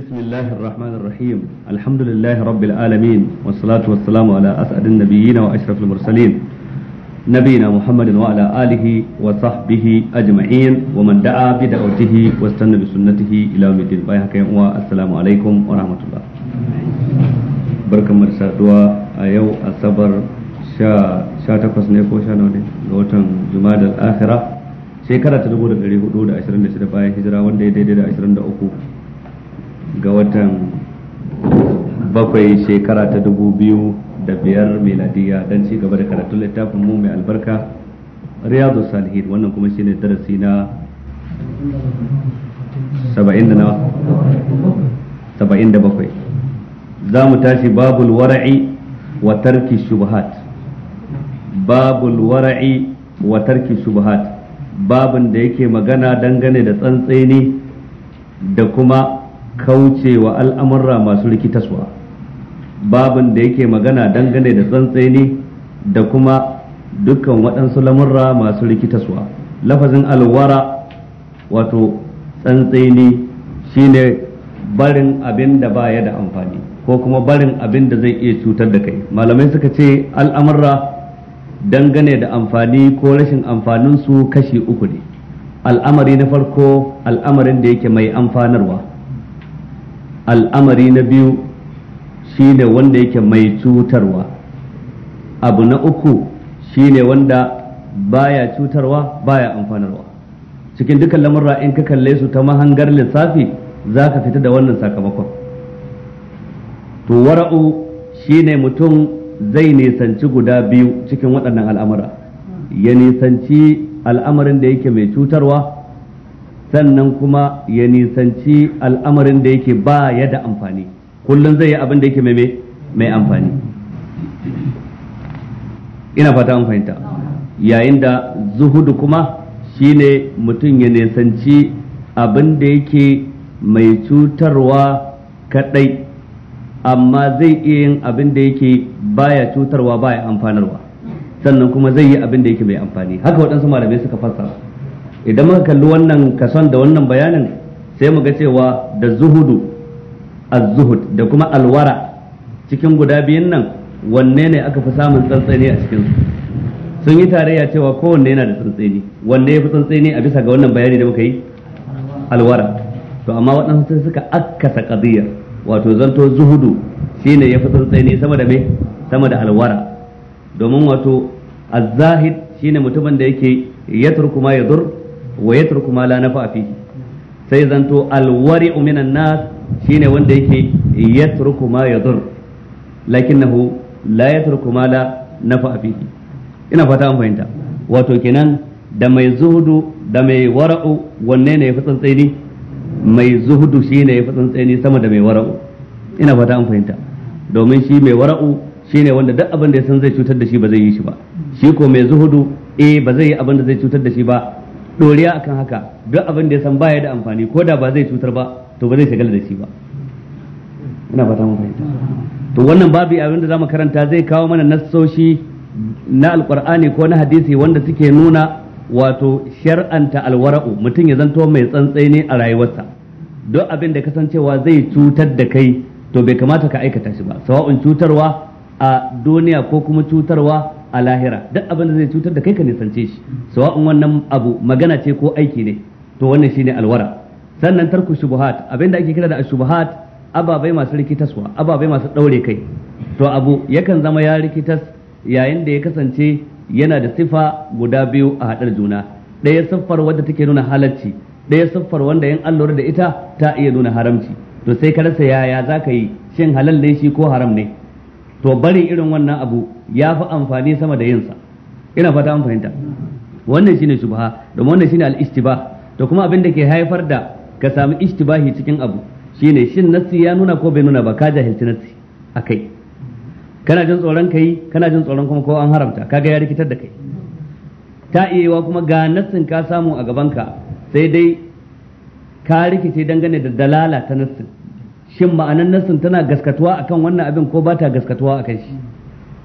بسم الله الرحمن الرحيم الحمد لله رب العالمين والصلاة والسلام على أسعد النبيين وأشرف المرسلين نبينا محمد وعلى آله وصحبه أجمعين ومن دعا بدعوته واستنى بسنته إلى يوم الدين والسلام عليكم ورحمة الله barkan mu da saduwa a yau asabar sha takwas ne ko sha ne ga watan jumadal akhira shekara ta dubu da ɗari hudu da ashirin da shida bayan hijira wanda ya daidai da ashirin da uku ga watan bakwai shekara ta dubu biyu da biyar meladiya don ci gaba da karatun littafin mu mai albarka riyadu salihin wannan kuma shi ne darasi na saba'in da saba'in da bakwai za mu tashi babul wara'i wa tarki shubahat babul wara'i wa tarki shubahat babin da yake magana dangane da tsantseni da kuma kaucewa al'amurra masu rikitaswa babin da yake magana dangane da tsantseni da kuma dukkan waɗansu lamurra masu rikitaswa lafazin alwara wato tsantseni shine barin abin da baya da amfani ko kuma barin abin da zai iya cutar da kai malamai suka ce al'amurra dangane da amfani ko rashin amfaninsu kashi uku ne al'amari na farko al'amarin da yake mai amfanarwa al'amari na biyu shi ne wanda yake mai cutarwa abu na uku shi ne wanda baya cutarwa baya amfanarwa cikin dukkan lamurra in ka kalle su ta mahangar lissafi za ka fita da wannan sakamakon to wara'u ne mutum zai nisanci guda biyu cikin waɗannan al'amura ya nisanci al'amarin da yake mai cutarwa sannan kuma ya nisanci al'amarin da yake ba ya da amfani kullum zai yi abin da yake mai mai amfani ina fata an fahimta yayin da zuhudu kuma shine mutum ya nisanci abin da yake mai cutarwa kadai amma zai iya yin abin da yake baya cutarwa baya amfanarwa sannan kuma zai yi abin da yake mai amfani haka waɗansu malamai suka fassara idan muka kalli wannan kason da wannan bayanin sai mu ga cewa da zuhudu az-zuhud da kuma alwara cikin guda biyun nan wanne ne aka fi samun tsantsani a cikin su sun yi tarayya cewa kowanne yana da tsantsani wanne ya fi tsantsani a bisa ga wannan bayani da muka yi alwara to amma waɗansu sai suka akkasa qadiyya wato zanto zuhudu shine ya fi tsantsani sama da me sama da alwara domin wato az-zahid shine mutumin da yake yatruku ma yadur wa turku ma la nafa fihi sai zanto alwari'u minan nas shine wanda yake turku ma yadur lakinnahu la turku ma la nafa fihi ina fata an fahimta wato kenan da mai zuhudu da mai wara'u wanne ne ya fi tsantsaini? mai zuhudu shine ya fi tsantsaini sama da mai wara'u ina fata an fahimta domin shi mai wara'u shine wanda duk abin da ya san zai cutar da shi ba zai yi shi ba shi ko mai zuhudu eh ba zai yi abin da zai cutar da shi ba doriya akan haka duk abin da ya san baya da amfani ko da ba zai cutar ba to ba zai shagala da shi ba ina fata mun fahimta to wannan babu abin da mu karanta zai kawo mana nassoshi na alqur'ani ko na hadisi wanda suke nuna wato shar'anta alwara'u mutum ya zanto mai tsantsai a rayuwarsa duk abin da kasancewa zai cutar da kai to bai kamata ka aikata shi ba sawa'un cutarwa a duniya ko kuma cutarwa a lahira duk abin da zai cutar da kai ka nisance shi sawa'un wannan abu magana ce ko aiki ne to wannan shine alwara sannan tarku shubuhat abin da ake kira da shubuhat ababai masu rikitaswa ababai masu ɗaure kai to abu yakan zama ya rikitas yayin da ya kasance yana da sifa guda biyu a haɗar juna ɗaya siffar wadda take nuna halacci ɗaya siffar wanda yan an lura da ita ta iya nuna haramci to sai ka rasa yaya za ka yi shin halal ne shi ko haram ne to barin irin wannan abu ya fi amfani sama da yinsa ina fata an fahimta wannan shine shubha domin wannan shine al-istibah to kuma abin da ke haifar da ka sami istibahi cikin abu shine shin nassi ya nuna ko bai nuna ba ka jahilci nassi akai kana jin tsoron kai kana jin tsoron kuma ko an haramta kaga ya rikitar da kai ta iyewa kuma ga nassin ka samu a gabanka sai dai ka rikice dangane da dalala ta nassin shin ma'anan nassin tana gaskatuwa akan wannan abin ko ba ta gaskatuwa akan shi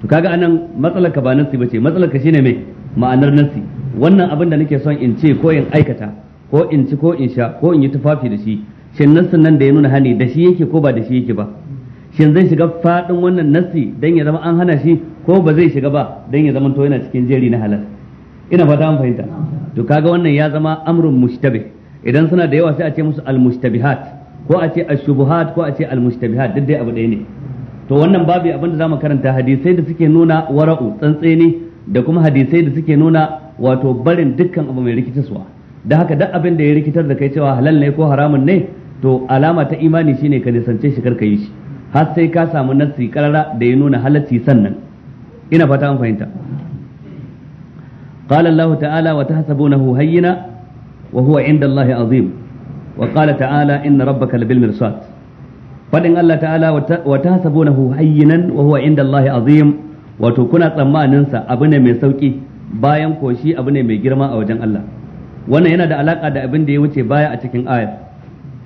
to kaga anan matsalar ka ba nassi bace matsalar ka shine me ma'anar nassi wannan abin da nake son in ce ko in aikata ko in ci ko in sha ko in yi tufafi da shi shin nassin nan da ya nuna hani da shi yake ko ba da shi yake ba shin zai shiga fadin wannan nassi dan ya zama an hana shi ko ba zai shiga ba dan ya zama to yana cikin jeri na halal ina fata an fahimta to kaga wannan ya zama amrun mushtabih idan suna da yawa sai a ce musu al mushtabihat ko a ce ashubuhat ko a ce almustabihat duk dai abu ɗaya ne to wannan babu abin da mu karanta hadisai da suke nuna wara'u tsantseni da kuma hadisai da suke nuna wato barin dukkan abu mai rikitarwa da haka duk abin da ya rikitar da kai cewa halal ne ko haramun ne to alama ta imani shine ka nisance shi karka yi shi har sai ka samu nassi karara da ya nuna halacci sannan ina fata an fahimta قال الله تعالى وتحسبونه هينا وهو عند الله azim. wa qala ta'ala inna rabbaka labil mirsad fadin Allah ta'ala wa tahsabunahu hayyinan wa huwa inda Allah azim wato kuna tsammanin abu ne mai sauki bayan koshi abu ne mai girma a wajen Allah wannan yana da alaka da abin da ya wuce baya a cikin ayat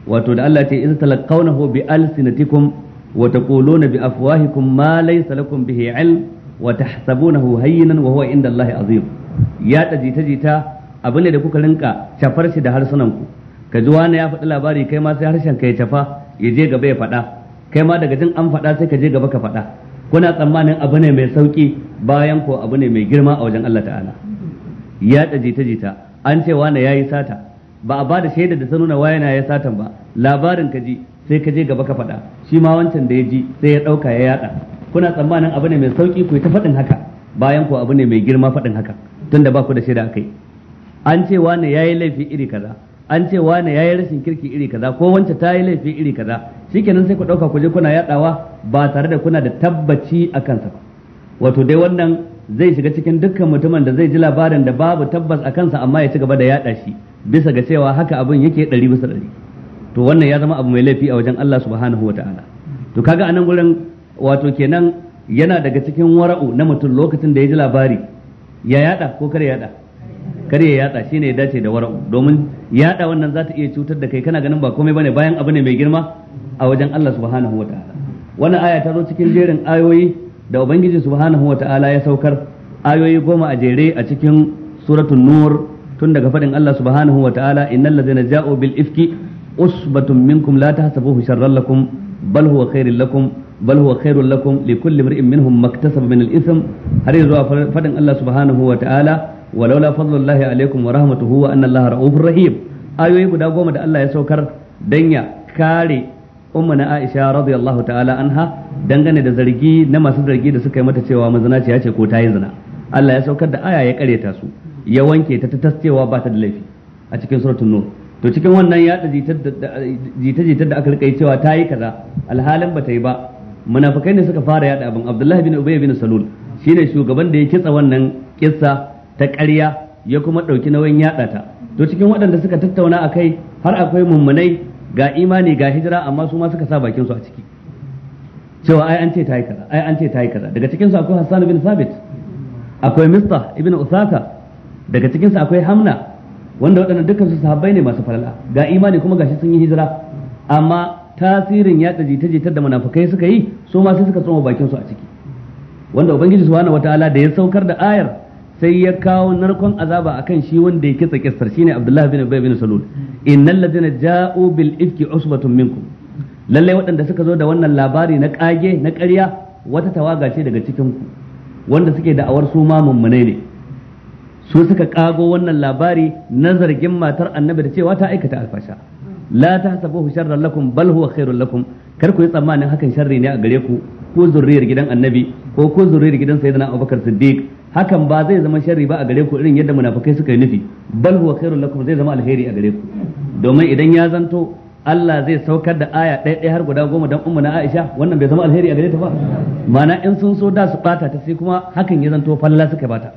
wato da Allah ce iz talaqawnahu bi alsinatikum wa taquluna bi afwahikum ma laysa lakum bihi ilm wa tahsabunahu hayyinan wa huwa inda Allah azim ya tajita jita abin da kuka rinka shafar shi da harsunan ku ka ji wani ya faɗi labari kai ma sai harshen ka ya tafa ya je gaba ya faɗa kai ma daga jin an faɗa sai ka je gaba ka faɗa kuna tsammanin abu ne mai sauki bayan ko abu ne mai girma a wajen Allah ta'ala ya ta jita jita an ce wani ya yi sata ba a bada shaida da sanunawa yana na ya satan ba labarin ka ji sai ka je gaba ka faɗa shi ma wancan da ya ji sai ya ɗauka ya yaɗa kuna tsammanin abu ne mai sauki ku ta faɗin haka bayan ko abu ne mai girma faɗin haka tunda ba ku da shaida akai an ce wani ya yi laifi iri kaza an ce wane yi rashin kirki iri kaza ko wance ta yi laifi iri kaza shikenan sai ku ɗauka ku je kuna yaɗawa ba tare da kuna da tabbaci a kansa ba wato dai wannan zai shiga cikin dukkan mutumin da zai ji labarin da babu tabbas a kansa amma ya ci gaba da yaɗa shi bisa ga cewa haka abin yake ɗari bisa ɗari to wannan ya zama abu mai laifi a wajen Allah subhanahu wa ta'ala to kaga anan gurin wato kenan yana daga cikin wara'u na mutum lokacin da ya ji labari ya yaɗa ko kar yaɗa. kar ya yada shine ya dace da wara'u domin yada wannan za ta iya cutar da kai kana ganin ba komai bane bayan abu ne mai girma a wajen Allah subhanahu wa ta'ala wannan aya ta zo cikin jerin ayoyi da ubangiji subhanahu wa ta'ala ya saukar ayoyi goma a jere a cikin suratul nur tun daga fadin Allah subhanahu wa ta'ala innal ladzina ja'u bil ifki usbatun minkum la tahsabuhu sharran lakum bal huwa khairul lakum bal huwa khairul lakum likulli imrin minhum maktasaba min al-ithm har yanzu fadin Allah subhanahu wa ta'ala walaula fadlullahi alaikum wa rahmatuhu wa anna allaha ra'ufur rahim ayoyi guda goma da Allah ya saukar dan ya kare umma na Aisha radiyallahu ta'ala anha dangane da zargi na masu zargi da suka yi mata cewa mazinaciya ce ko ta yi zina Allah ya saukar da aya ya kareta su ya wanke ta ta tascewa ba ta da laifi a cikin suratul nur to cikin wannan ya jita-jita da aka rika cewa ta yi kaza alhalin ba ta yi ba munafikai ne suka fara yada abin abdullahi bin ubay bin salul shine shugaban da ya kitsa wannan kissa ta ƙarya ya kuma ɗauki nauyin yaɗa ta to cikin waɗanda suka tattauna a kai har akwai mummunai ga imani ga hijira amma su ma suka sa bakin su a ciki cewa ai an ce ta yi kaza ai an ce ta yi kaza daga cikin su akwai Hassan bin Sabit akwai Mista ibn Usaka daga cikin su akwai Hamna wanda waɗannan dukkan su sahabbai ne masu falala ga imani kuma gashi sun yi hijira amma tasirin yaɗa jita jita da munafukai suka yi su ma sai suka tsoma bakin su a ciki wanda ubangiji subhanahu wataala da ya saukar da ayar sai ya kawo narkon azaba akan shi wanda ya kisa kitsa Shi ne Abdullahi bin Ubay bin Salul innal ladina ja'u bil ifki usbatun minkum Lallai waɗanda suka zo da wannan labari na kage na ƙarya wata tawaga ce daga cikin ku wanda suke da awar suma mummune ne su suka kago wannan labari na zargin matar annabi da cewa ta aikata alfasha la tahsabuhu sharran lakum bal huwa lakum kar ku yi tsammanin hakan sharri ne a gare ku ko zurriyar gidan annabi ko ko zurriyar gidan sayyidina abubakar siddiq hakan ba zai zama sharri ba a gare ku irin yadda munafikai suka yi nufi bal huwa khairul lakum zai zama alheri a gare ku domin idan ya zanto Allah zai saukar da aya ɗaya ɗaya har guda goma don umma na Aisha wannan bai zama alheri a gare ta ba mana in sun so da su bata ta sai kuma hakan ya zanto falla suka bata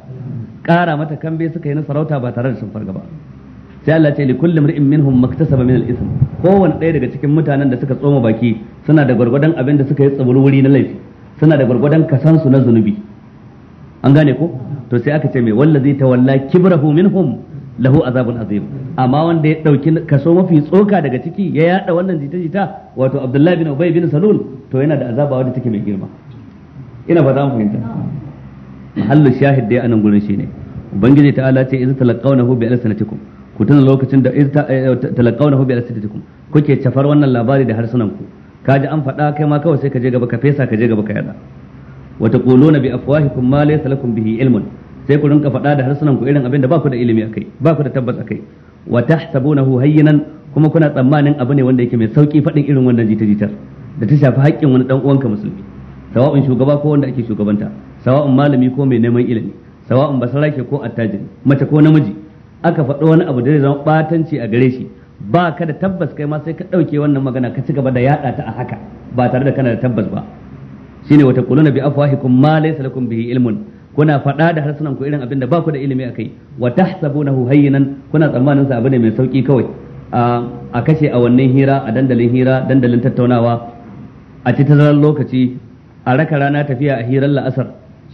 ƙara mata kambe suka yi na sarauta ba tare da sun farga ba sai Allah ce li kullu mar'in minhum maktasaba min al-ithm kowanne ɗaya daga cikin mutanen da suka tsoma baki suna da gwargwadon abin da suka yi wuri na laifi suna da gwargwadon kasansu na zunubi an gane ko to sai aka ce mai wallazi tawalla kibrahu minhum lahu azabun azim amma wanda ya dauki kaso mafi tsoka daga ciki ya yada wannan jita-jita wato Abdullahi bin Ubay bin Salul to yana da azaba wanda take mai girma ina ba za mu fahimta mahallu shahid dai anan gurin shine ubangiji ta'ala ce idza talaqawnahu bi alsanatikum ku tuna lokacin da idza eh, eh, talaqawnahu bi alsanatikum kuke cafar wannan labari da harsunan ku kaji an faɗa kai ma kawai sai ka je gaba ka fesa ka je gaba ka yada wa na bi afwahikum ma laysa lakum bihi ilmun sai ku rinka faɗa da harsunan ku irin abin da ba ku da ilimi akai ba ku da tabbas akai wa tahsabunahu hayyinan kuma kuna tsammanin abu ne wanda yake mai sauki faɗin irin wannan jita-jitar da ta shafi haƙƙin wani dan uwanka musulmi sawa'un shugaba ko wanda ake shugabanta sawa'un malami ko mai neman ilimi sawa'un basarake ko attajiri mace ko namiji aka faɗo wani abu da zai zama batanci a gare shi ba ka da tabbas kai ma sai ka ɗauke wannan magana ka ci gaba da yaɗa ta a haka ba tare da kana da tabbas ba shine wata kuluna bi afwahikum ma laysa lakum bihi ilmun kuna fada da harsunan ku irin abin da ba ku da ilimi akai wa tahsabunahu hayyinan kuna tsammanin sa abu ne mai sauki kawai a kashe awannin hira a dandalin hira dandalin tattaunawa a cikin lokaci a raka rana tafiya a hirar la'asar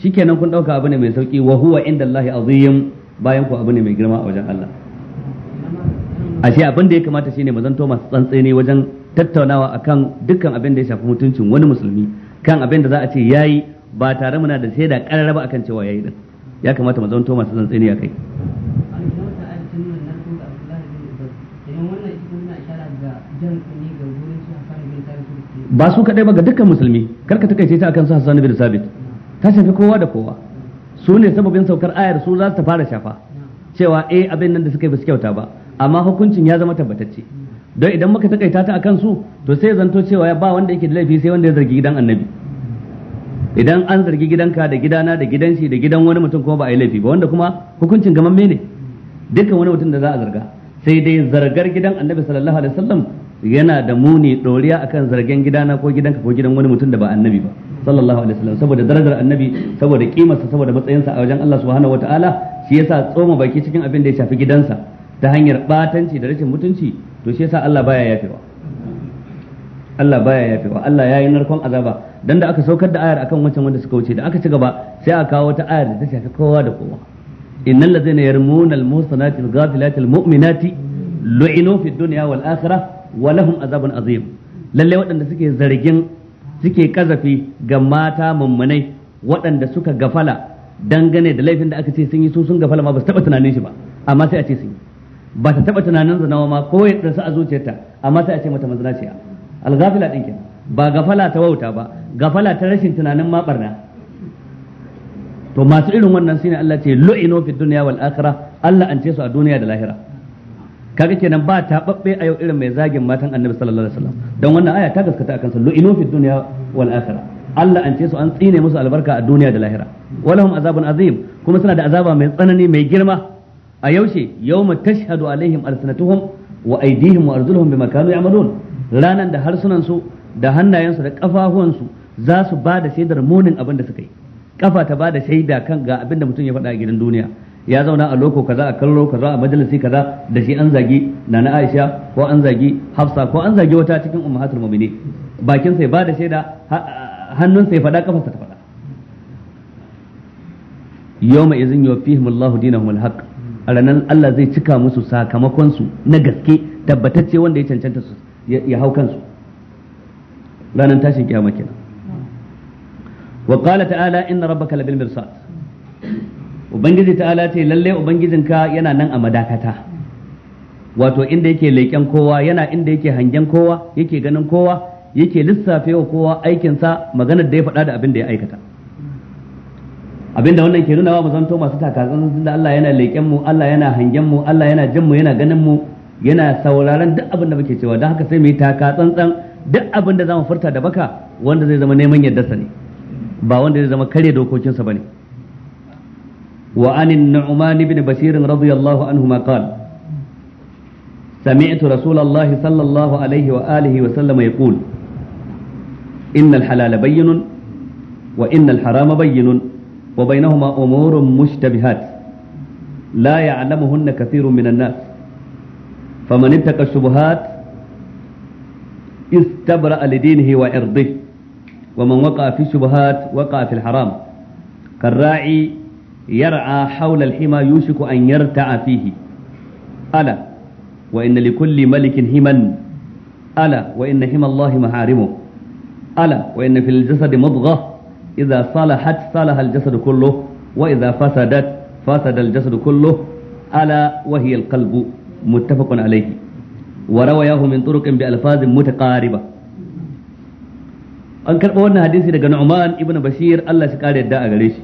shikenan kun ɗauka abu ne mai sauki wa huwa inda Allah azim bayan ku abu ne mai girma a wajen Allah ashe abin da ya kamata shine mazan zanto masu tsantsene wajen tattaunawa akan dukkan abin da ya shafi mutuncin wani musulmi kan abin da za a ce yayi ba tare muna da sai ƙararraba a akan cewa yayi din ya kamata mu zanto masu zantsini a kai ba su kadai ba ga dukkan musulmi karka takaice ta akan su Hassan bin Sabit ta shafi kowa da kowa su ne sababin saukar ayar su za ta fara shafa cewa eh abin nan da suka yi ba su kyauta ba amma hukuncin ya zama tabbatacce don idan muka takaita ta akan su to sai zanto cewa ya ba wanda yake da laifi sai wanda ya zargi gidan annabi idan an zargi gidanka da gidana da gidan shi da gidan wani mutum kuma ba a yi laifi ba wanda kuma hukuncin gaman ne dukkan wani mutum da za a zarga sai dai zargar gidan annabi sallallahu alaihi wasallam yana da muni doriya akan zargen gidana ko gidanka ko gidan wani mutum da ba annabi ba sallallahu alaihi wasallam saboda darajar annabi saboda kimarsa saboda matsayinsa a wajen Allah subhanahu wataala shi yasa tsoma baki cikin abin da ya shafi gidansa ta hanyar batanci da rashin mutunci to shi yasa Allah baya yafewa Allah baya yafewa Allah yayi narkon azaba dan da aka saukar da ayar akan wancan wanda suka wuce da aka ci gaba sai a kawo wata ayar da ta shafi kowa da kowa innal ladzina yarmuna al-muhsanati al-ghafilati al-mu'minati lu'inu fid dunya wal akhirah wa lahum azabun azim lalle waɗanda suke zargin suke kazafi ga mata mummunai waɗanda suka gafala dangane da laifin da aka ce sun yi su sun gafala ma ba su taɓa tunanin shi ba amma sai a ce sun yi ba ta taba tunanin zinawa ma ko ya dasu a zuciyarta amma sai a ce mata mazinaciya alghafila din kenan ba gafala ta wauta ba gafala ta rashin tunanin ma barna to masu irin wannan shine Allah ce lu'inu fid dunya wal akhirah Allah an ce su a duniya da lahira kaga kenan ba tababbe a yau irin mai zagin matan Annabi sallallahu alaihi wasallam dan wannan aya ta gaskata akan sa lu'inu fid dunya wal akhirah Allah an ce su an tsine musu albarka a duniya da lahira walahum azabun azim kuma suna da azaba mai tsanani mai girma a yaushe yawma tashhadu alaihim arsanatuhum wa aydihim wa arjuluhum bima kanu ya'malun ranan da harsunan su da hannayensu da kafafuwan su za su ba da shaidar munin abin da suka yi kafa ta ba da shaida kan ga abin da mutum ya faɗa a gidan duniya ya zauna a loko kaza a kallo kaza a majalisi kaza da shi an zagi nana Aisha ko an zagi Hafsa ko an zagi wata cikin ummahatul mu'minin bakin sai ba da shaida hannun sai faɗa kafarsa ta faɗa yawma izin yuwaffihim Allahu haqq a ranar Allah zai cika musu sakamakon su na gaske tabbatacce wanda ya cancanta su ya hau kansu ranar tashin kiyama kenan wa qala ta'ala inna rabbaka labil mirsad ubangiji ta'ala ce lalle ubangijinka yana nan a madakata wato inda yake leƙen kowa yana inda yake hangen kowa yake ganin kowa yake lissafe wa kowa aikinsa maganar da ya faɗa da abin da ya aikata abinda wannan ke nuna wa mu zanto masu takatsan sun da Allah yana leƙen mu Allah yana hangen mu Allah yana jin mu yana ganin mu yana sauraron duk abin da muke cewa don haka sai mu yi tsantsan duk abin da zamu furta da baka wanda zai zama neman yardarsa ne ba wanda zai zama kare dokokinsa bane wa anin nu'man ibn bashir radiyallahu anhu ma qala سمعت رسول الله صلى الله عليه وآله وسلم يقول إن الحلال بين وإن الحرام بين وبينهما أمور مشتبهات لا يعلمهن كثير من الناس فمن اتقى الشبهات استبرأ لدينه وعرضه ومن وقع في الشبهات وقع في الحرام كالراعي يرعى حول الحمى يوشك أن يرتع فيه ألا وإن لكل ملك هما ألا وإن حمى الله محارمه ألا وإن في الجسد مضغة idza salahat salaha al-jasad kulluh wa idza fasadat fasada al-jasad kulluh ala wa hiya al-qalbu muttafaqun alayhi bi an karɓa wannan hadisi daga Nu'man ibn Bashir Allah shi kare yadda a gare shi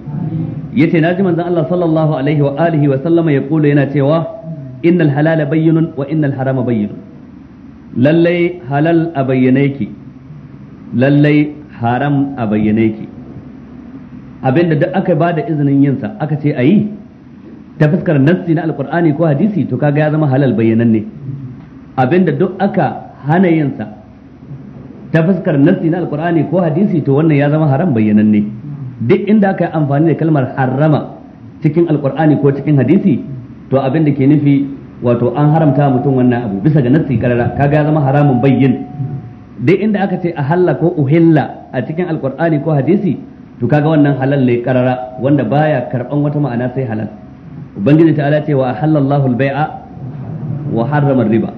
yace naji manzon Allah sallallahu alaihi wa alihi wa sallama ya kula yana cewa innal halala bayyinun wa innal harama bayyinun lallai halal a bayyane ki lallai haram a bayyane ki abinda duk aka ba da izinin yin sa aka ce ayi ta fuskar nassi na alqur'ani ko hadisi to kaga ya zama halal bayyananne abinda duk aka hana yin sa ta fuskar nassi na alqur'ani ko hadisi to wannan ya zama haram bayyananne duk inda aka yi amfani da kalmar harrama cikin alqur'ani ko cikin hadisi to abinda ke nufi wato an haramta mutum wannan abu bisa ga nassi karara kaga ya zama haramun bayyin duk inda aka ce a halla ko uhilla a cikin alkur'ani ko hadisi to kaga wannan halal ne karara wanda baya karban wata ma'ana sai halal ubangiji ta ala wa halallahu al wa harrama riba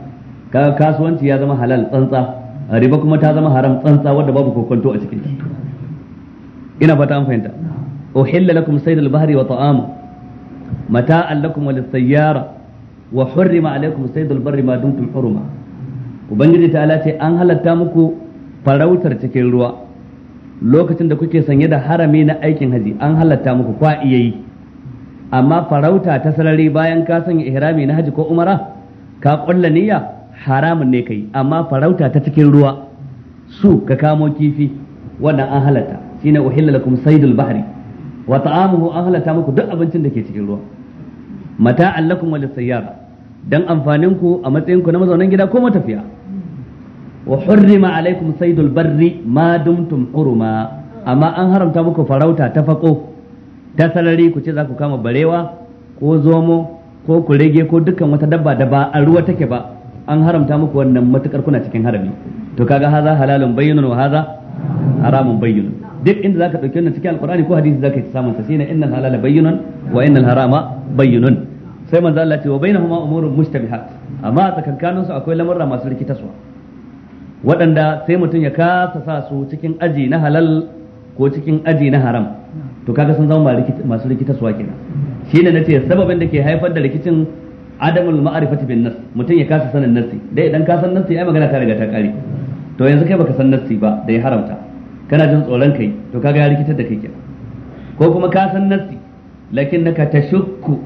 kaga kasuwanci ya zama halal tsantsa riba kuma ta zama haram tsantsa wanda babu kokonto a cikin ina fata an fahimta uhilla lakum saydul bahri wa ta'amu mata'an lakum wa lis-sayyara wa hurrima alaykum saydul barri ma dumtum huruma ubangiji ta ala ce an halatta muku farautar cikin ruwa lokacin da kuke sanye da harami na aikin haji an halatta muku kwa'iyayi, iya amma farauta ta sarari bayan ka sanya ihrami na haji ko umara ka kulla niyya haramun ne kai amma farauta ta cikin ruwa su ka kamo kifi wannan an halatta shine uhilla lakum saydul bahri wa ta'amuhu an halatta muku duk abincin da ke cikin ruwa mata'an lakum walis sayyara dan amfaninku a matsayinku na mazaunan gida ko matafiya wa hurrima alaikum saydul barri ma dumtum huruma amma an haramta muku farauta ta fako ta sarari ku ce za ku kama barewa ko zomo ko kurege ko dukkan wata dabba da ba a ruwa take ba an haramta muku wannan matukar kuna cikin harami to kaga haza halalun bayyinun wa haza haramun bayyinun duk inda zaka dauki wannan cikin alqur'ani ko hadisi zaka samu sa shine innal halala bayyinun wa innal harama bayyinun sai manzo Allah ce wa bainahuma umurun mushtabihat amma a su akwai lamarra masu rikitaswa waɗanda sai mutum ya kasa sa su cikin aji na halal ko cikin aji na haram to kaga sun zama masu rikitarwa kenan shine nace sababin da ke haifar da rikicin adamul ma'arifati bin nas mutum ya kasa sanin nasi dai idan ka san nasi ai magana ta riga ta kare to yanzu kai baka san nasi ba da ya haramta kana jin tsoron kai to kaga ya rikitar da kai kenan ko kuma ka san lakin naka tashukku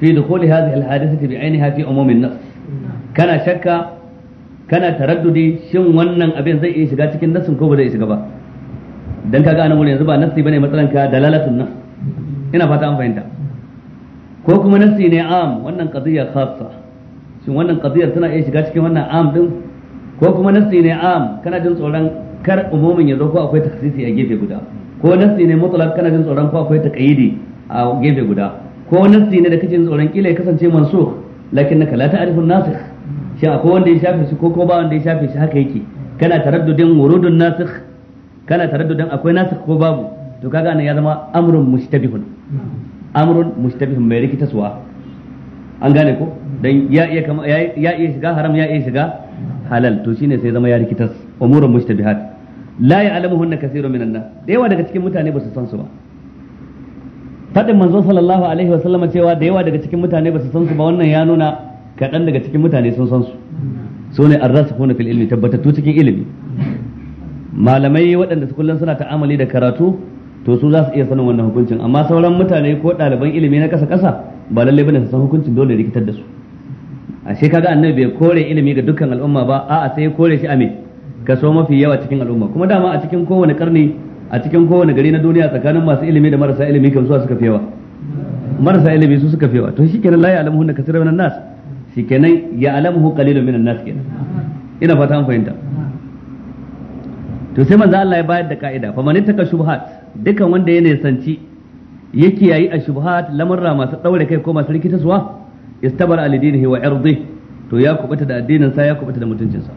fi dukhuli hadhihi alhadithati hadithati bi ainiha fi umumin nas kana shakka kana taraddudi shin wannan abin zai iya shiga cikin nassin ko ba zai shiga ba dan kaga anan wurin yanzu ba nassi bane matsalan ka dalalatun nas ina fata an fahimta ko kuma nassi ne am wannan qadiyya khassa shin wannan qadiyar tana iya shiga cikin wannan am din ko kuma nassi ne am kana jin tsoron kar umumin ya zo ko akwai takhsisi a gefe guda ko nassi ne mutlaq kana jin tsoron ko akwai taqyidi a gefe guda ko nassi ne da kake jin tsoron kila ya kasance mansukh lakinnaka la ta'rifu nasikh shi akwai wanda ya shafe shi ko ko ba wanda ya shafe shi haka yake kana taraddudin wurudun nasikh kana taraddudin akwai nasikh ko babu to kaga nan ya zama amrun mustabihun amrun mustabihun mai rikitaswa an gane ko dan ya iya kama ya iya shiga haram ya iya shiga halal to shine sai zama ya rikitas umurun mushtabihat la ya'lamuhunna kaseerun minan nas da yawa daga cikin mutane ba su san su ba fadin manzo sallallahu alaihi wa cewa da yawa daga cikin mutane ba su san su ba wannan ya nuna kaɗan daga cikin mutane sun san su su ne arzasa arrasifuna fil ilmi tabbatattu cikin ilimi malamai waɗanda su kullum suna ta'amali da karatu to su za su iya sanin wannan hukuncin amma sauran mutane ko ɗaliban ilimi na ƙasa ƙasa ba lallai bane su san hukuncin dole rikitar da su ashe kaga annabi bai kore ilimi ga dukkan al'umma ba a'a sai ya kore shi a me kaso mafi yawa cikin al'umma kuma dama a cikin kowane karni a cikin kowane gari na duniya tsakanin masu ilimi da marasa ilimi kan suwa suka fi yawa marasa ilimi su suka fi yawa to shikenan la ya'lamuhunna katsiran min nas shikenan ya alamuhu qalilun minan nas kenan ina fata an fahimta to sai manzo Allah ya bayar da ka'ida fa man ittaka shubhat dukan wanda ya nisanci yake yayi a shubhat lamarra masu daure kai ko masu rikitaswa istabar alidinihi wa irdi to ya kubuta da addinin sa ya kubuta da mutuncin sa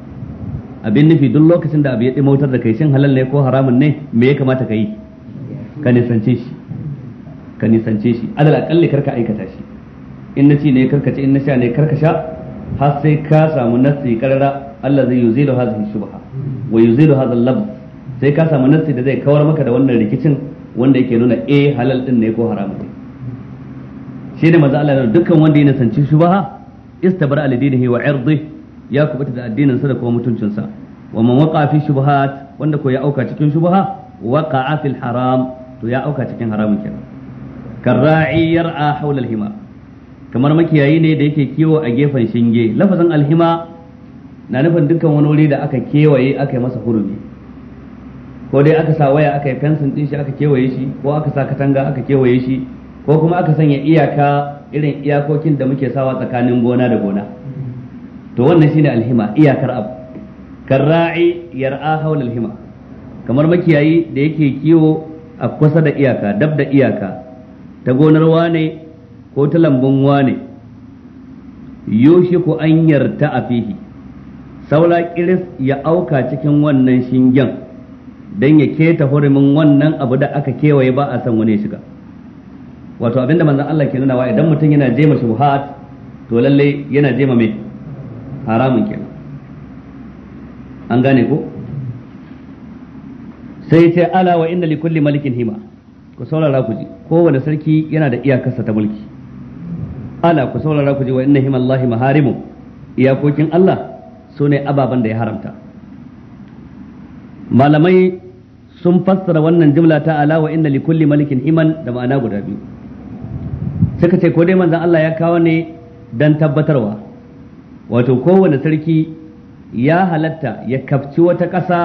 abin nufi duk lokacin da abu ya dimautar da kai shin halal ne ko haramun ne me ya kamata ka yi ka nisance shi ka nisance shi alal akalli karka aikata shi in na ci ne karkace in na sha ne karkasha har sai ka samu nassi karara Allah zai yuzilu hadhihi shubha wa yuzilu hadha al sai ka samu nassi da zai kawar maka da wannan rikicin wanda yake nuna eh halal din ne ko haramun ne shi ne manzo Allah dukkan wanda ya nasanci shubha istabara al dinihi wa irdihi ya kubuta da addinin sa da kuma mutuncinsa wa man waqa fi shubuhat wanda ko ya auka cikin shubha waqa'a fil haram to ya auka cikin haramun kenan karra'i yar'a hawla al-himar kamar makiyayi ne da yake kiwo a gefen shinge lafazin alhima na nufin dukkan wani wuri da aka kewaye aka yi masa hurumi ko dai aka sa waya aka yi fensin din shi aka kewaye shi ko aka sa katanga aka kewaye shi ko kuma aka sanya iyaka irin iyakokin da muke sawa tsakanin gona da gona to wannan shine alhima iyakar abu karra'i yar'a haula alhima kamar makiyayi da yake kiwo a kusa da iyaka dab da iyaka ta gonar wane ko ta lambun wane ku an yarta a fihi saula kiris ya auka cikin wannan shingen don ya keta hurumin wannan abu da aka kewaye ba a san wani shiga wato abinda manzan Allah ke nuna wa idan mutum yana jema shuhat to lalle yana jema mai haramun kenan an gane ko sai ce ala wa inda likulli malikin hima ku saurara ku ji kowane sarki yana da iyakarsa ta mulki ala ku saurara ku ji wa innahim allahi maharimu iyakokin Allah ne ababen da ya haramta malamai sun fassara wannan jumla ta ala wa inna likulli malikin himan da ma'ana guda biyu suka ce ko dai manzon Allah ya kawo ne dan tabbatarwa wato kowane sarki ya halatta ya kafci wata ƙasa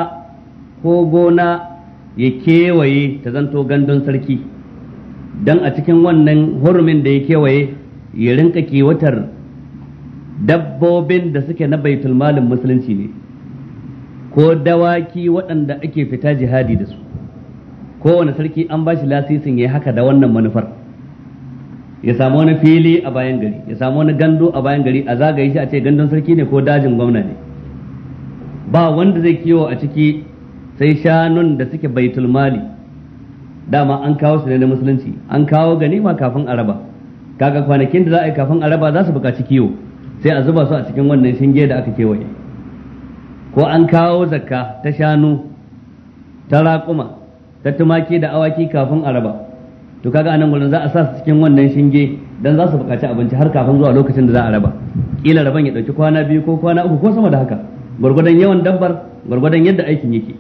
ko gona ya kewaye ta zanto gandun sarki don a cikin wannan hurumin da ya kewaye ya rinka kewatar dabbobin da suke na baitul malin musulunci ne ko dawaki waɗanda ake fita jihadi da su kowane sarki an ba shi lasisin ya haka da wannan manufar ya samu wani fili a bayan gari ya samu wani gando a bayan gari a zagaye shi a ce gandon sarki ne ko dajin gwamna ne ba wanda zai kiwo a ciki sai shanun da suke baitul mali dama an kawo su ne na musulunci an kawo ganima kafin a raba. kaga kwanakin da za a yi kafin a raba za su buƙaci kiwo sai a zuba su a cikin wannan shinge da aka kewaye ko an kawo zakka ta shanu ta raƙuma ta tumaki da awaki kafin a raba to kaga anan gurin za a sa su cikin wannan shinge dan za su buƙaci abinci har kafin zuwa lokacin da za a raba kila raban ya ɗauki kwana biyu ko kwana uku ko sama da haka gwargwadon yawan dabbar gwargwadon yadda aikin yake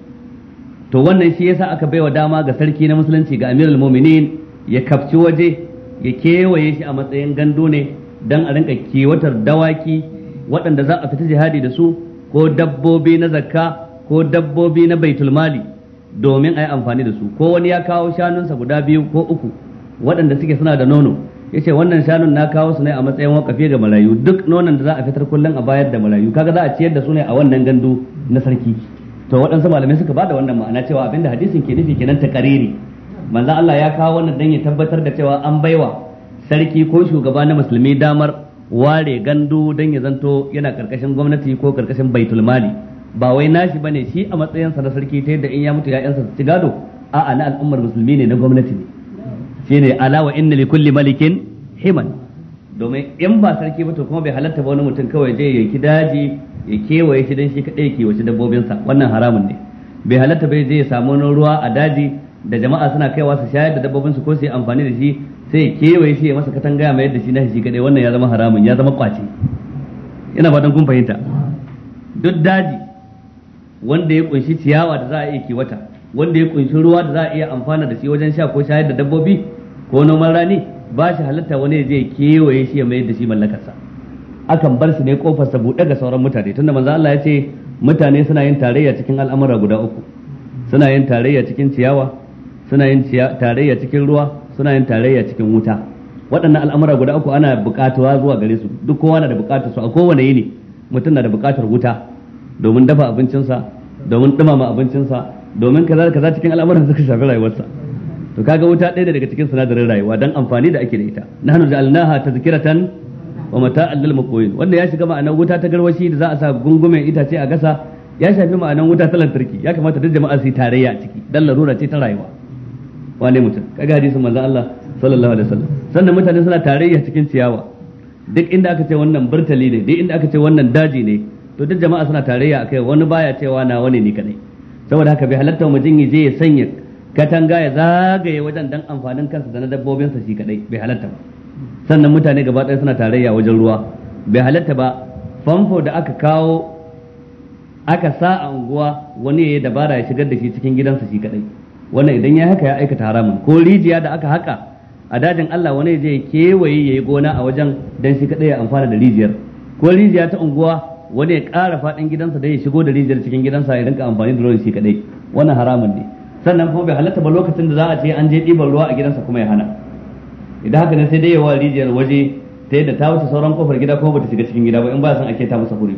to wannan shi yasa aka baiwa dama ga sarki na musulunci ga amirul mu'minin ya kafci waje ya kewaye shi a matsayin gando ne don a rinka kewatar dawaki waɗanda za a fita jihadi da su ko dabbobi na zakka ko dabbobi na baitulmali domin a yi amfani da su ko wani ya kawo shanunsa guda biyu ko uku waɗanda suke suna da nono ya ce wannan shanun na kawo su ne a matsayin wakafi ga marayu duk nonon da za a fitar kullum a bayar da marayu kaga za a ciyar da su ne a wannan gandu na sarki to waɗansu malamai suka ba da wannan ma'ana cewa abinda hadisin ke nufi kenan ta kariri manzo Allah ya kawo wannan dan ya tabbatar da cewa an baiwa sarki ko shugaba na musulmi damar ware gandu dan ya zanto yana karkashin gwamnati ko karkashin baitul mali ba wai nashi bane shi a matsayinsa na sarki ta yadda in ya mutu ya'yansa su ci gado a'a na al'ummar musulmi ne na gwamnati ne shine alawa inna kulli malikin himan domin in ba sarki ba to kuma bai halatta ba wani mutum kawai je ya ki daji ya kewaye shi dan shi kadai ya wace dabbobinsa wannan haramun ne bai halatta bai je ya samu wani ruwa a daji da jama'a suna kaiwa su shayar da dabbobin su ko su yi amfani da shi sai ya kewaye shi ya masa katanga ya mayar da shi na shi kadai wannan ya zama haramun ya zama kwace ina fatan kun fahimta duk daji wanda ya kunshi ciyawa da za a iya kiwata wanda ya kunshi ruwa da za a iya amfana da shi wajen sha ko shayar da dabbobi ko noman rani ba shi halatta wani zai kewaye shi ya mayar da shi mallakarsa akan bar su ne kofar sa buɗe ga sauran mutane tunda manzo Allah ya ce mutane suna yin tarayya cikin al'amura guda uku suna yin tarayya cikin ciyawa suna yin tarayya cikin ruwa suna yin tarayya cikin wuta waɗannan al'amura guda uku ana buƙatuwa zuwa gare su duk kowa na da buƙatar su a kowane yini mutum na da buƙatar wuta domin dafa abincinsa domin ɗumama abincinsa domin kaza kaza cikin al'amuran suka shafi rayuwarsa to kaga wuta ɗaya daga cikin sinadarin rayuwa don amfani da ake da ita nahnu ja'alnaha tazkiratan wa mata'an lil muqwin wanda ya shiga ma'anar wuta ta garwashi da za a sa gungumen itace a gasa ya shafi ma'anar wuta ta lantarki ya kamata duk jama'a su yi tarayya ciki dan larura ce ta rayuwa wane mutum kaga hadisin manzo Allah sallallahu alaihi wasallam sannan mutane suna tarayya cikin ciyawa duk inda aka ce wannan burtali ne duk inda aka ce wannan daji ne to duk jama'a suna tarayya akai wani baya cewa na wani ni kadai saboda haka bai halatta mu jinni je ya sanya katanga ya zagaye wajen dan amfanin kansa da na dabbobinsa shi kadai bai halatta ba sannan mutane gaba ɗaya suna tarayya wajen ruwa bai halatta ba famfo da aka kawo aka sa a unguwa wani ya dabara ya shigar da shi cikin gidansa shi kadai wannan idan ya haka ya aikata haramun ko rijiya da aka haka a dajin Allah wani je ya kewaye ya yi gona a wajen dan shi kadai ya amfana da rijiyar ko rijiya ta unguwa wani ya ƙara faɗin gidansa da ya shigo da rijiyar cikin gidansa ya rinka amfani da ruwan shi kadai wannan haramun ne sannan kuma bai halatta ba lokacin da za a ce an je ɗiban ruwa a gidansa kuma ya hana idan haka ne sai dai ya wa rijiyar waje ta yadda ta wuce sauran kofar gida ko bata shiga cikin gida ba in ba san ake ta masa hurbi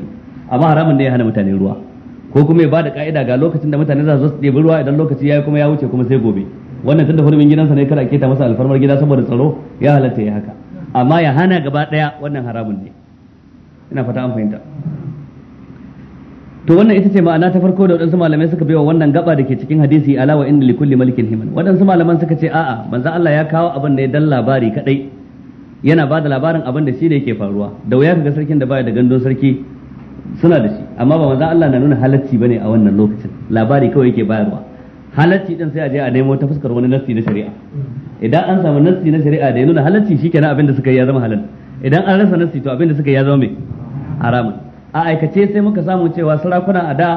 amma haramun ne ya hana mutane ruwa ko kuma ya bada ka'ida ga lokacin da mutane za su ɗebi ruwa idan lokaci ya kuma ya wuce kuma sai gobe wannan tunda hurumin gidansa ne kada keta masa alfarmar gida saboda tsaro ya halatta ya haka amma ya hana gaba ɗaya wannan haramun ne ina fata an fahimta to wannan ita ce ma'ana ta farko da waɗansu malamai suka baiwa wannan gaba da ke cikin hadisi alawa wa inda likulli malikin himan waɗansu malaman suka ce a'a manzo Allah ya kawo abin da ya dan labari kadai yana bada labarin abin da shi ne yake faruwa da wuya ka ga sarkin da baya da gandun sarki suna da shi amma ba manzan Allah na nuna halacci bane a wannan lokacin labari kawai yake bayarwa halacci din sai a je a nemo ta fuskar wani nassi na shari'a idan an samu nassi na shari'a da ya nuna halacci shikenan abin da suka yi ya zama halal idan an rasa nassi to abin da suka yi ya zama mai haramun a aikace sai muka samu cewa sarakuna a da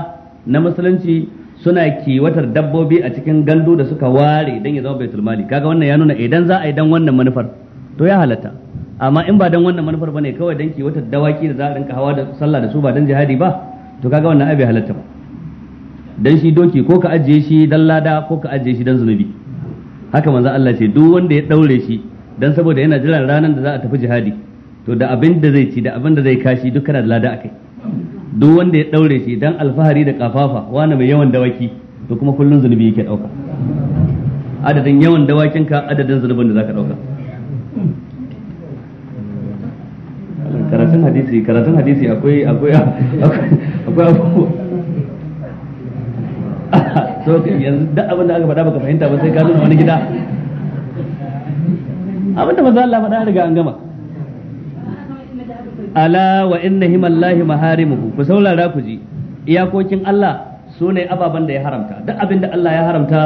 na musulunci suna kiwatar dabbobi a cikin gandu da suka ware don ya zama baitul mali kaga wannan ya nuna idan za a yi dan wannan manufar to ya halatta amma in ba dan wannan manufar bane kawai dan ki wata dawaki da za a rinka hawa da sallah da su ba dan jihadi ba to kaga wannan abin halatta ba dan shi doki ko ka ajiye shi dan lada ko ka ajiye shi dan zunubi haka manzo Allah ce duk wanda ya daure shi dan saboda yana jiran ranar da za a tafi jihadi to da abin da zai ci da abin da zai kashi duk kana da lada akai duk wanda ya daure shi dan alfahari da kafafa wani mai yawan dawaki to kuma kullun zunubi yake dauka adadin yawan dawakin ka adadin zunubin da zaka dauka karatun hadisi karatun hadisi akwai akwai akwai abu so yanzu duk abin da aka faɗa baka fahimta ba sai ka nuna wani gida abin da maza Allah faɗa riga an gama ala wa inna himallahi maharimuhu ku saurara ku ji iyakokin Allah su ne ababen da ya haramta duk abin da Allah ya haramta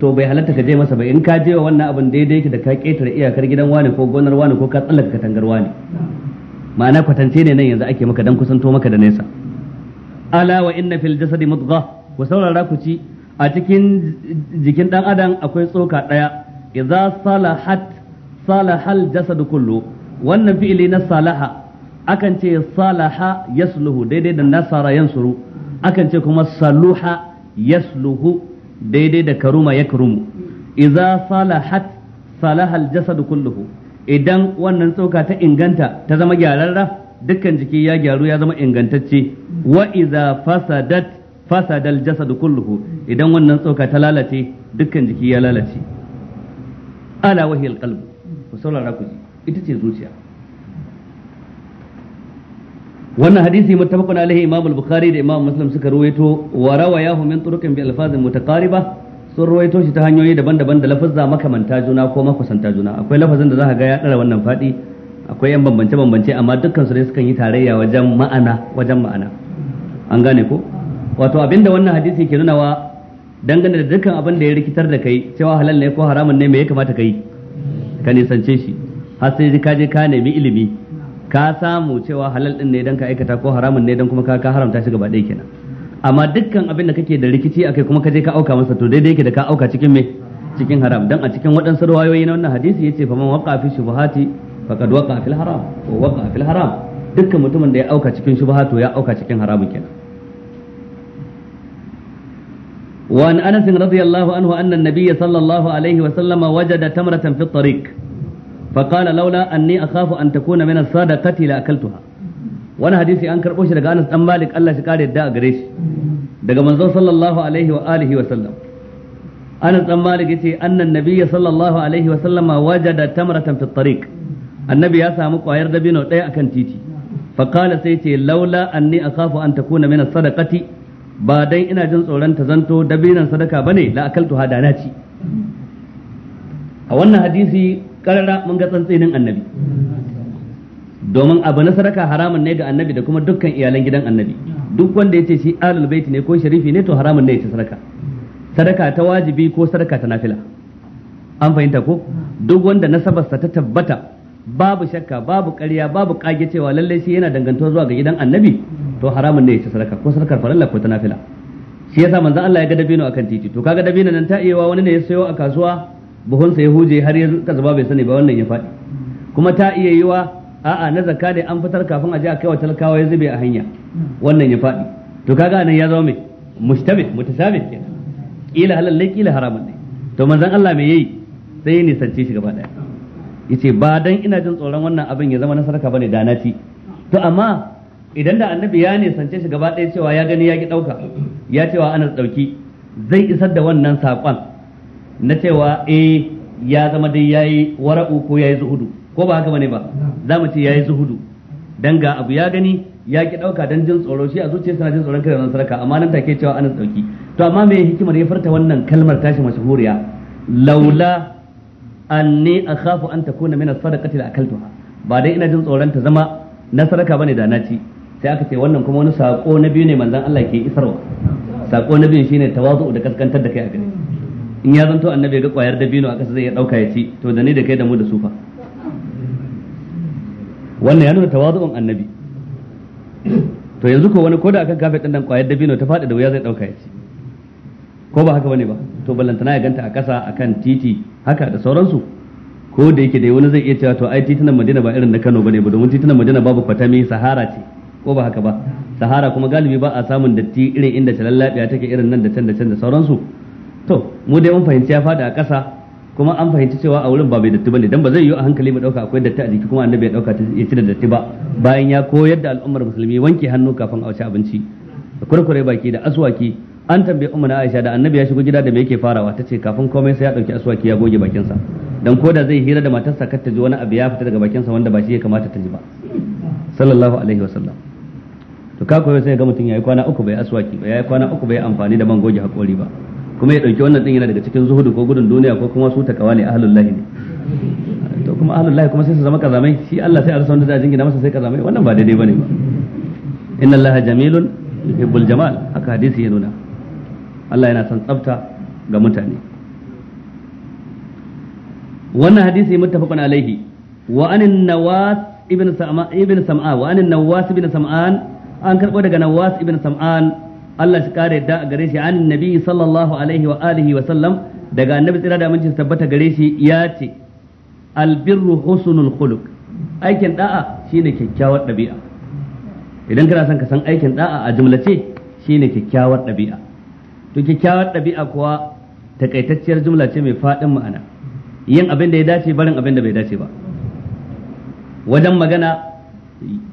to bai halatta ka je masa ba in ka je wa wannan abin daidai ki da ka ketare iyakar gidan wani ko gonar wani ko ka tsallaka katangar wani ma'ana kwatance ne nan yanzu ake maka dan kusanto maka da nesa ala wa inna fil jasadi mudgha wa saurara ku ci a cikin jikin dan adam akwai tsoka daya idza salahat salahal jasadu kullu wannan fi'ili na salaha akan ce salaha yasluhu daidai da nasara yansuru akan ce kuma saluha yasluhu daidai da karuma yakrumu idza salahat salahal jasadu kulluhu idan wannan tsoka ta inganta ta zama gyararra dukkan jiki ya gyaru ya zama ingantacce wa iza fasadat fasadal jasad kulluhu idan wannan tsoka ta lalace dukkan jiki ya lalace ala wahi alqalb ku saurara ku ji ita ce zuciya wannan hadisi muttafaqun alaihi imam al-bukhari da imam muslim suka ruwaito wa rawayahu min turuqin bi alfazin mutaqariba sun ruwaito shi ta hanyoyi daban-daban da lafazza makamanta juna ko makusanta juna akwai lafazin da za ka ga ya wannan faɗi akwai yan bambance-bambance amma dukkan su ne sukan yi tarayya wajen ma'ana wajen ma'ana an gane ko wato abinda wannan hadisi ke nunawa dangane da dukkan abin da ya rikitar da kai cewa halal ne ko haramun ne me ya kamata ka yi ka nisance shi har sai ka je ka nemi ilimi ka samu cewa halal din ne dan ka aikata ko haramun ne dan kuma ka haramta shi gaba ɗaya kenan amma dukkan abin da kake da rikici akai kuma kaje ka auka masa to daidai yake da ka auka cikin me cikin haram dan a cikin waɗansu ruwayoyi na wannan hadisi yace faman waqa fi shubuhati faqad waqa fil haram to waqa fil haram dukkan mutumin da ya auka cikin shubha to ya auka cikin haramun kenan wa وعن انس رضي الله عنه ان النبي صلى الله عليه وسلم وجد تمره في الطريق فقال لولا اني اخاف ان تكون من الصادقه لاكلتها wani hadisi an karɓo shi daga Anas dan Malik Allah shi kare yadda a gare shi daga manzon sallallahu alaihi wa alihi wa sallam Anas dan Malik yace annan nabiyya sallallahu alaihi wa sallama wajada tamratan fi tariq annabi ya samu kwayar dabino ɗaya akan titi fa qala sai yace laula anni akhafu an takuna min as-sadaqati ba dan ina jin tsoron ta zanto dabinan sadaka bane la akaltu hadana ci a wannan hadisi karara mun ga tsantsinin annabi domin abu na sadaka haramun ne ga annabi da kuma dukkan iyalan gidan annabi duk wanda ya ce shi alul baiti ne ko sharifi ne to haramun ne ya ci sadaka sadaka ta wajibi ko sadaka ta nafila an fahimta ko duk wanda nasabarsa ta tabbata babu shakka babu ƙarya babu kage cewa lalle shi yana dangantuwa zuwa ga gidan annabi to haramun ne ya ci sadaka ko sadakar farilla ko ta nafila shi yasa manzon Allah ya ga dabino akan titi to kaga dabino nan ta iyawa wani ne ya sayo a kasuwa buhunsa ya huje har ya zuka zuba bai sani ba wannan ya faɗi kuma ta iya yiwa a'a na zakka ne an fitar kafin a je a kai wa talakawa ya zube a hanya wannan ya faɗi to kaga nan ya zama mai mushtabih mutasabih kenan kila halal ne kila haramun ne to manzon Allah me yayi sai ya nisance shi gaba daya yace ba dan ina jin tsoron wannan abin ya zama na sarka bane da na ci to amma idan da annabi ya nisance shi gaba daya cewa ya gani ya ki dauka ya cewa ana dauki zai isar da wannan sakon na cewa eh ya zama dai yayi wara'u ko yayi zuhudu ko ba haka bane ba za mu ce yayi zuhudu dan ga abu ya gani ya ki dauka dan jin tsoro shi a zuciya na jin tsoron kai da sarka amma nan take cewa anas dauki to amma me hikimar ya farta wannan kalmar tashi mashhuriya laula anni akhafu an takuna min as-sadaqati la akaltuha ba dai ina jin tsoron ta zama na sarka bane da na ci sai aka ce wannan kuma wani sako na biyu ne manzon Allah ke isarwa sako na biyu shine tawazu da kaskantar da kai a gare in ya zanto annabi ga kwayar dabino a kasa zai ya dauka ya ci to da ni da kai da mu da sufa wannan ya nuna tawazu'un annabi to yanzu ko wani koda akan kafe din nan kwayar dabino ta faɗi da wuya zai dauka ya ko ba haka bane ba to ballantana ya ganta a ƙasa akan titi haka da sauransu ko da yake dai wani zai iya cewa to ai titunan Madina ba irin na Kano bane ba domin titunan Madina babu kwatami sahara ce ko ba haka ba sahara kuma galibi ba a samun datti irin inda talallabiya take irin nan da can da can da sauransu to mu dai mun fahimci ya faɗi a ƙasa kuma an fahimci cewa a wurin ba bai datti bane dan ba zai yi a hankali mu dauka akwai datti a jiki kuma annabi ya dauka ya ci da datti ba bayan ya koyar da al'ummar musulmi wanke hannu kafin a ci abinci da kurkure baki da aswaki an tambaye umma na Aisha da annabi ya shigo gida da me yake farawa tace kafin komai sai ya dauki aswaki ya goge bakin sa dan koda zai hira da matarsa kar ta ji wani abu ya fita daga bakin sa wanda ba shi ya kamata ta ji ba sallallahu alaihi wasallam to ka koyo sai ga mutun yayi kwana uku bai aswaki ba yayi kwana uku bai amfani da man goge hakori ba kuma ya dauki wannan din yana daga cikin zuhudu ko gudun duniya ko kuma su takawa ne ahlul lahi ne to kuma ahlul lahi kuma sai su zama kazamai shi Allah sai a rasa wanda za a jingina masa sai kazamai wannan ba daidai bane ba inna allaha jamilun yuhibbul jamal haka hadisi ya nuna Allah yana son tsafta ga mutane wannan hadisi muttafaqun alaihi wa anin nawas ibn sam'a ibn sam'a wa anin nawas ibn sam'an an karbo daga nawas ibn sam'an Allah shi kare yadda a gare shi an nabi sallallahu alaihi wa alihi wa sallam daga annabi tsira da aminci tabbata gare shi ya ce albirru husnul khuluq aikin da'a shine kyakkyawar dabi'a idan kana son ka san aikin da'a a jumlace shine kyakkyawar dabi'a to kyakkyawar dabi'a kuwa takaitacciyar jumla ce mai faɗin ma'ana yin abin da ya dace barin abin da bai dace ba wajen magana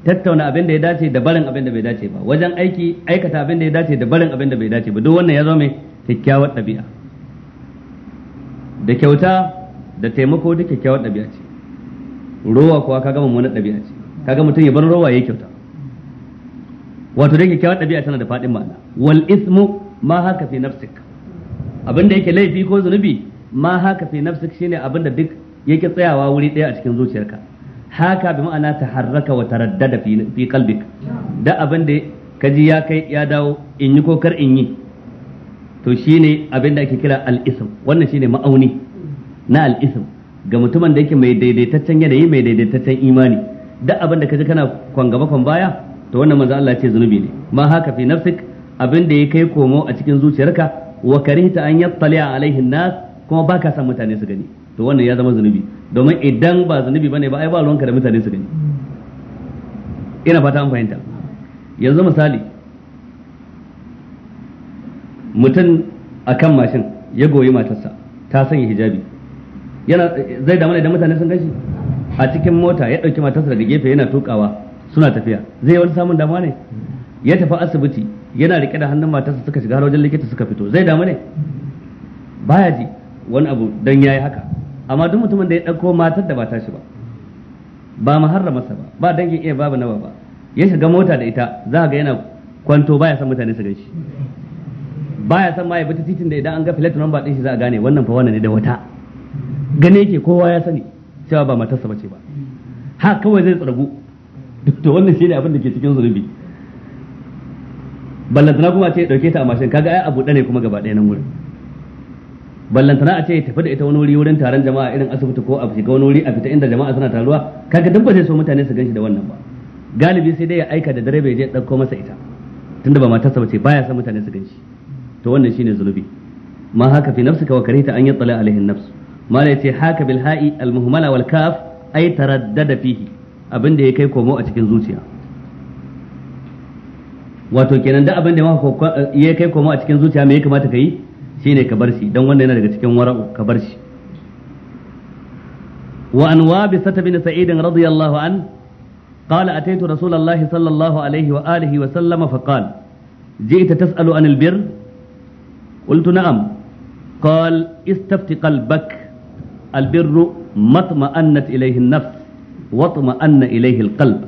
tattauna abin da ya dace da barin abin da bai dace ba wajen aiki aikata abin da ya dace da barin abin da bai dace ba duk wannan ya zama mai kyakkyawar ɗabi'a da kyauta da taimako da kyakkyawar ɗabi'a ce rowa kuwa ka gama wani ɗabi'a ce ka gama mutum ya bar rowa ya kyauta wato da kyakkyawar ɗabi'a tana da faɗin ma'ana wal ismu ma haka fi nafsik abin da yake laifi ko zunubi ma haka fi nafsik shine abin da duk yake tsayawa wuri ɗaya a cikin zuciyarka haka bi ma'ana ta harraka wa taraddada fi qalbik da abin da kaji ya kai ya dawo in yi ko kar in yi to shine abin da ake kira al'isim wannan shine ma'auni na al'isim ga mutumin da yake mai daidaitaccen yanayi mai daidaitaccen imani da abin da ji kana kwangaba baya to wannan manzo Allah ce zunubi ne ma haka fi nafsik abin da ya kai komo a cikin zuciyarka wa karihta an yattali alaihin nas kuma baka san mutane su gani to wannan ya zama zunubi domin idan ba zunubi bane ba ai ba ruwanka da mutane su gani ina fata an fahimta yanzu misali mutum a kan mashin ya goyi matarsa ta sanya hijabi yana zai damu idan mutane sun gashi a cikin mota ya ɗauki matarsa daga gefe yana tukawa suna tafiya zai yi wani samun damuwa ne ya tafi asibiti yana rike da hannun matarsa suka shiga har wajen likita suka fito zai damu ne baya ji wani abu dan yayi haka amma duk mutumin da ya ɗauko matar da ba ta shi ba ba maharramarsa ba ba dangin iya babu nawa ba ya shiga mota da ita za ga yana kwanto baya san mutane su gaishe baya san ma ya bata titin da idan an ga plate number din shi za a gane wannan fa wannan ne da wata gane yake kowa ya sani cewa ba matarsa bace ba ha kawai zai tsargu duk to wannan shine abin da ke cikin zunubi ballantana kuma ce dauke ta a mashin kaga ai abu ne kuma gaba ɗaya nan wurin ballantana a ce ya tafi da ita wani wuri wurin taron jama'a irin asibiti ko a shiga wani wuri a fita inda jama'a suna taruwa kaga duk ba zai so mutane su ganshi da wannan ba galibi sai dai ya aika da direba ya je ɗauko masa ita tunda ba matarsa bace baya son mutane su ganshi to wannan shine zulubi ma haka fi nafsika wa karita an yattala alaihin nafs la yace haka bil ha'i al muhmala wal kaf ay taraddada fihi abinda ya kai komo a cikin zuciya wato kenan da abinda ya kai komo a cikin zuciya me ya kamata ka yi shine ka bar shi dan wannan yana daga cikin wara'u ka bar shi wa an wabisa bin sa'id radiyallahu an qala ataitu rasulullahi sallallahu alaihi wa alihi wa sallama fa qala ji'ta tas'alu anil birr qultu na'am qal istafti qalbak albirru matma'annat ilayhi an-nafs واطمأن إليه القلب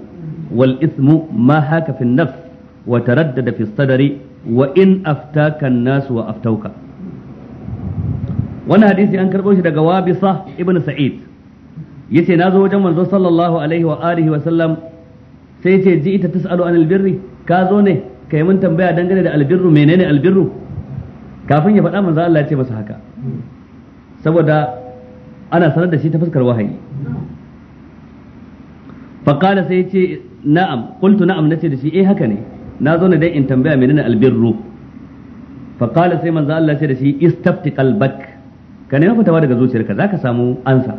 والإثم ما هاك في النفس وتردد في الصدر وإن أفتاك الناس وأفتوك wani hadisi an karɓo shi daga wabisa ibn sa'id yace na zo wajen manzo sallallahu alaihi wa alihi wa sallam sai ce ji ita tasalu anil birri ka zo ne kai mun tambaya dangane da albirru menene albirru kafin ya faɗa manzo Allah ya ce masa haka saboda ana sanar da shi ta fuskar wahayi faqala sai ce na'am qultu na'am nace da shi eh haka ne na zo ne dan in tambaya menene albirru faqala sai manzo Allah ya ce da shi istafti qalbak ka nemi fitawa daga zuciyarka ka samu ansa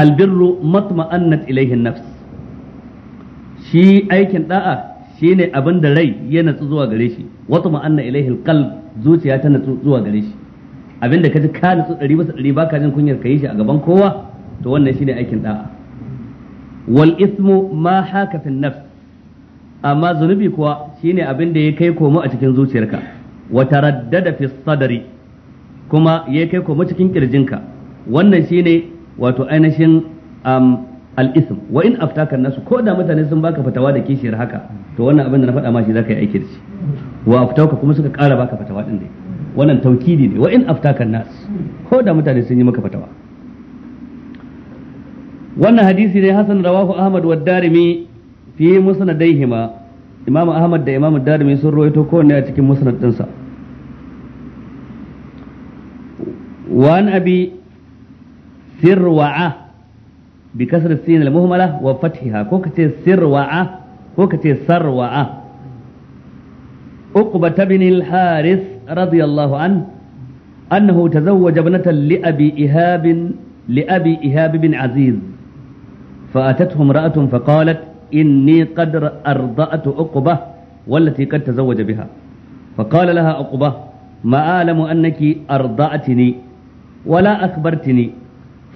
albirru matma'annat ilaihin nafs shi aikin da'a shine abin da rai ya natsu zuwa gare shi wata ma'anna ilaihi qalb zuciya ta natsu zuwa gare shi abin da kaji ka natsu ɗari bisa ɗari baka jin kunyar ka yi shi a gaban kowa to wannan shine aikin da'a wal ismu ma haka fi nafs amma zunubi kuwa shine abin da ya kai komo a cikin zuciyarka wa taraddada fi sadari kuma ya kai koma cikin kirjinka wannan shine wato ainihin al-ism wa in aftaka nasu ko da mutane sun baka fatawa da kishiyar haka to wannan abin da na faɗa ma shi zaka yi aiki da shi wa aftaka kuma suka ƙara baka fatawa din dai wannan taukidi ne wa in aftaka nas ko da mutane sun yi maka fatawa wannan hadisi ne hasan rawahu ahmad wa darimi fi musnadaihima imam ahmad da imam darimi sun rawaito kowanne a cikin musnad dinsa وعن أبي سروعة بكسر السين المهملة وفتحها كوكتي سروعة كوكتي سروعة أقبة بن الحارث رضي الله عنه أنه تزوج ابنة لأبي إهاب لأبي إهاب بن عزيز فأتته امرأة فقالت إني قد أرضأت أقبة والتي قد تزوج بها فقال لها أقبة ما أعلم أنك أرضأتني wala akhbartini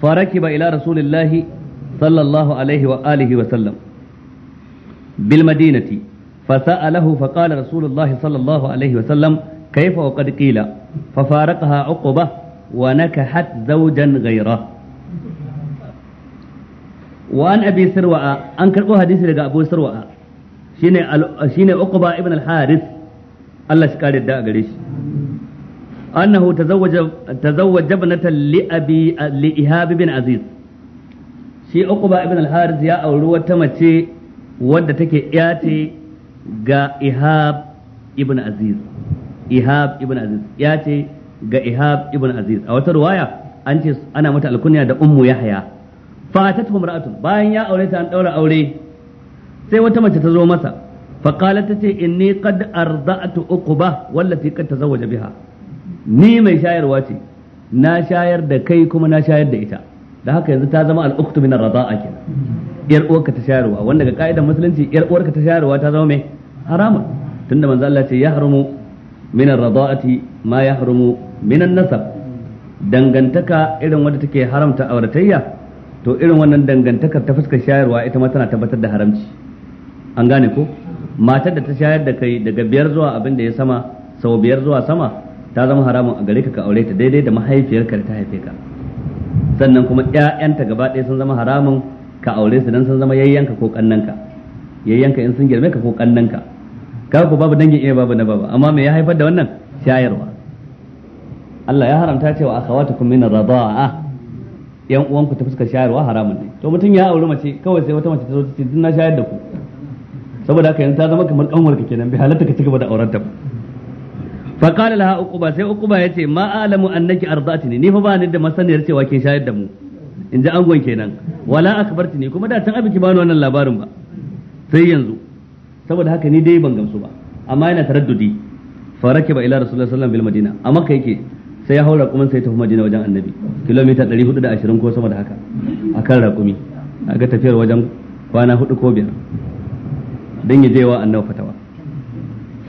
farakiba ila rasulillahi sallallahu alaihi wa alihi wa sallam bil madinati فسأله فقال رسول الله صلى الله عليه وسلم كيف وقد قيل ففارقها عقبة ونكحت زوجا غيره وأن أبي سروة أنكر حديث لقى أبو سروة شيني, ال... شيني عقبة ابن الحارث الله شكال الداء قريش annahu tazawwaja tazawwaja ibnatan li abi li ihab bin aziz shi uqba ibn al-harith ya auri wata mace wadda take iya ce ga ihab ibn aziz ihab ibn aziz ya ce ga ihab ibn aziz a wata ruwaya an ce ana mata alkunya da ummu yahya fatatu mar'atun bayan ya aure ta an daura aure sai wata mace ta zo masa faqalat tace inni qad arda'tu uqba wallati qad tazawwaja biha ni mai shayarwa ce na shayar da kai kuma na shayar da ita da haka yanzu ta zama al'uktu min ar-rada'a yar uwarka ta shayarwa wanda ga ka'idar musulunci yar uwarka ta shayarwa ta zama mai harama tunda manzo Allah ce ya haramu min ar-rada'ati ma ya haramu min an-nasab dangantaka irin wanda take haramta auratayya to irin wannan dangantakar ta fuskar shayarwa ita ma tana tabbatar da haramci an gane ko matar da ta shayar da kai daga biyar zuwa abin da ya sama sau biyar zuwa sama ta zama haramun a gare ka ka aure ta daidai da mahaifiyarka da ta haife ka sannan kuma ƴaƴanta gaba ɗaya sun zama haramun ka aure su dan sun zama yayyanka ko kannanka yayyanka in sun girme ka ko kannanka ka ko babu dangin iya babu na baba amma me ya haifar da wannan shayarwa Allah ya haramta cewa akhawatukum min ar-rida'a yan uwanku ta fuskar shayarwa haramun ne to mutum ya auri mace kawai sai wata mace ta zo ta ce na shayar da ku saboda haka yanzu ta zama kamar ɗanwar ka kenan bai halatta ka gaba da auren ta ba fa qala laha uquba sai uquba yace ma alamu annaki arda'tini ni fa ba ni da masaniyar cewa kin shayar da mu in ji angon kenan wala akhbartini kuma da can abiki bani wannan labarin ba sai yanzu saboda haka ni dai ban gamsu ba amma yana taraddudi fa rakiba ila rasulullahi sallallahu alaihi wasallam bil madina amma kai yake sai ya haura kuma sai tafi madina wajen annabi kilomita 420 ko sama da haka akan raƙumi ga tafiyar wajen kwana hudu ko biyar don ya je wa annabi fatawa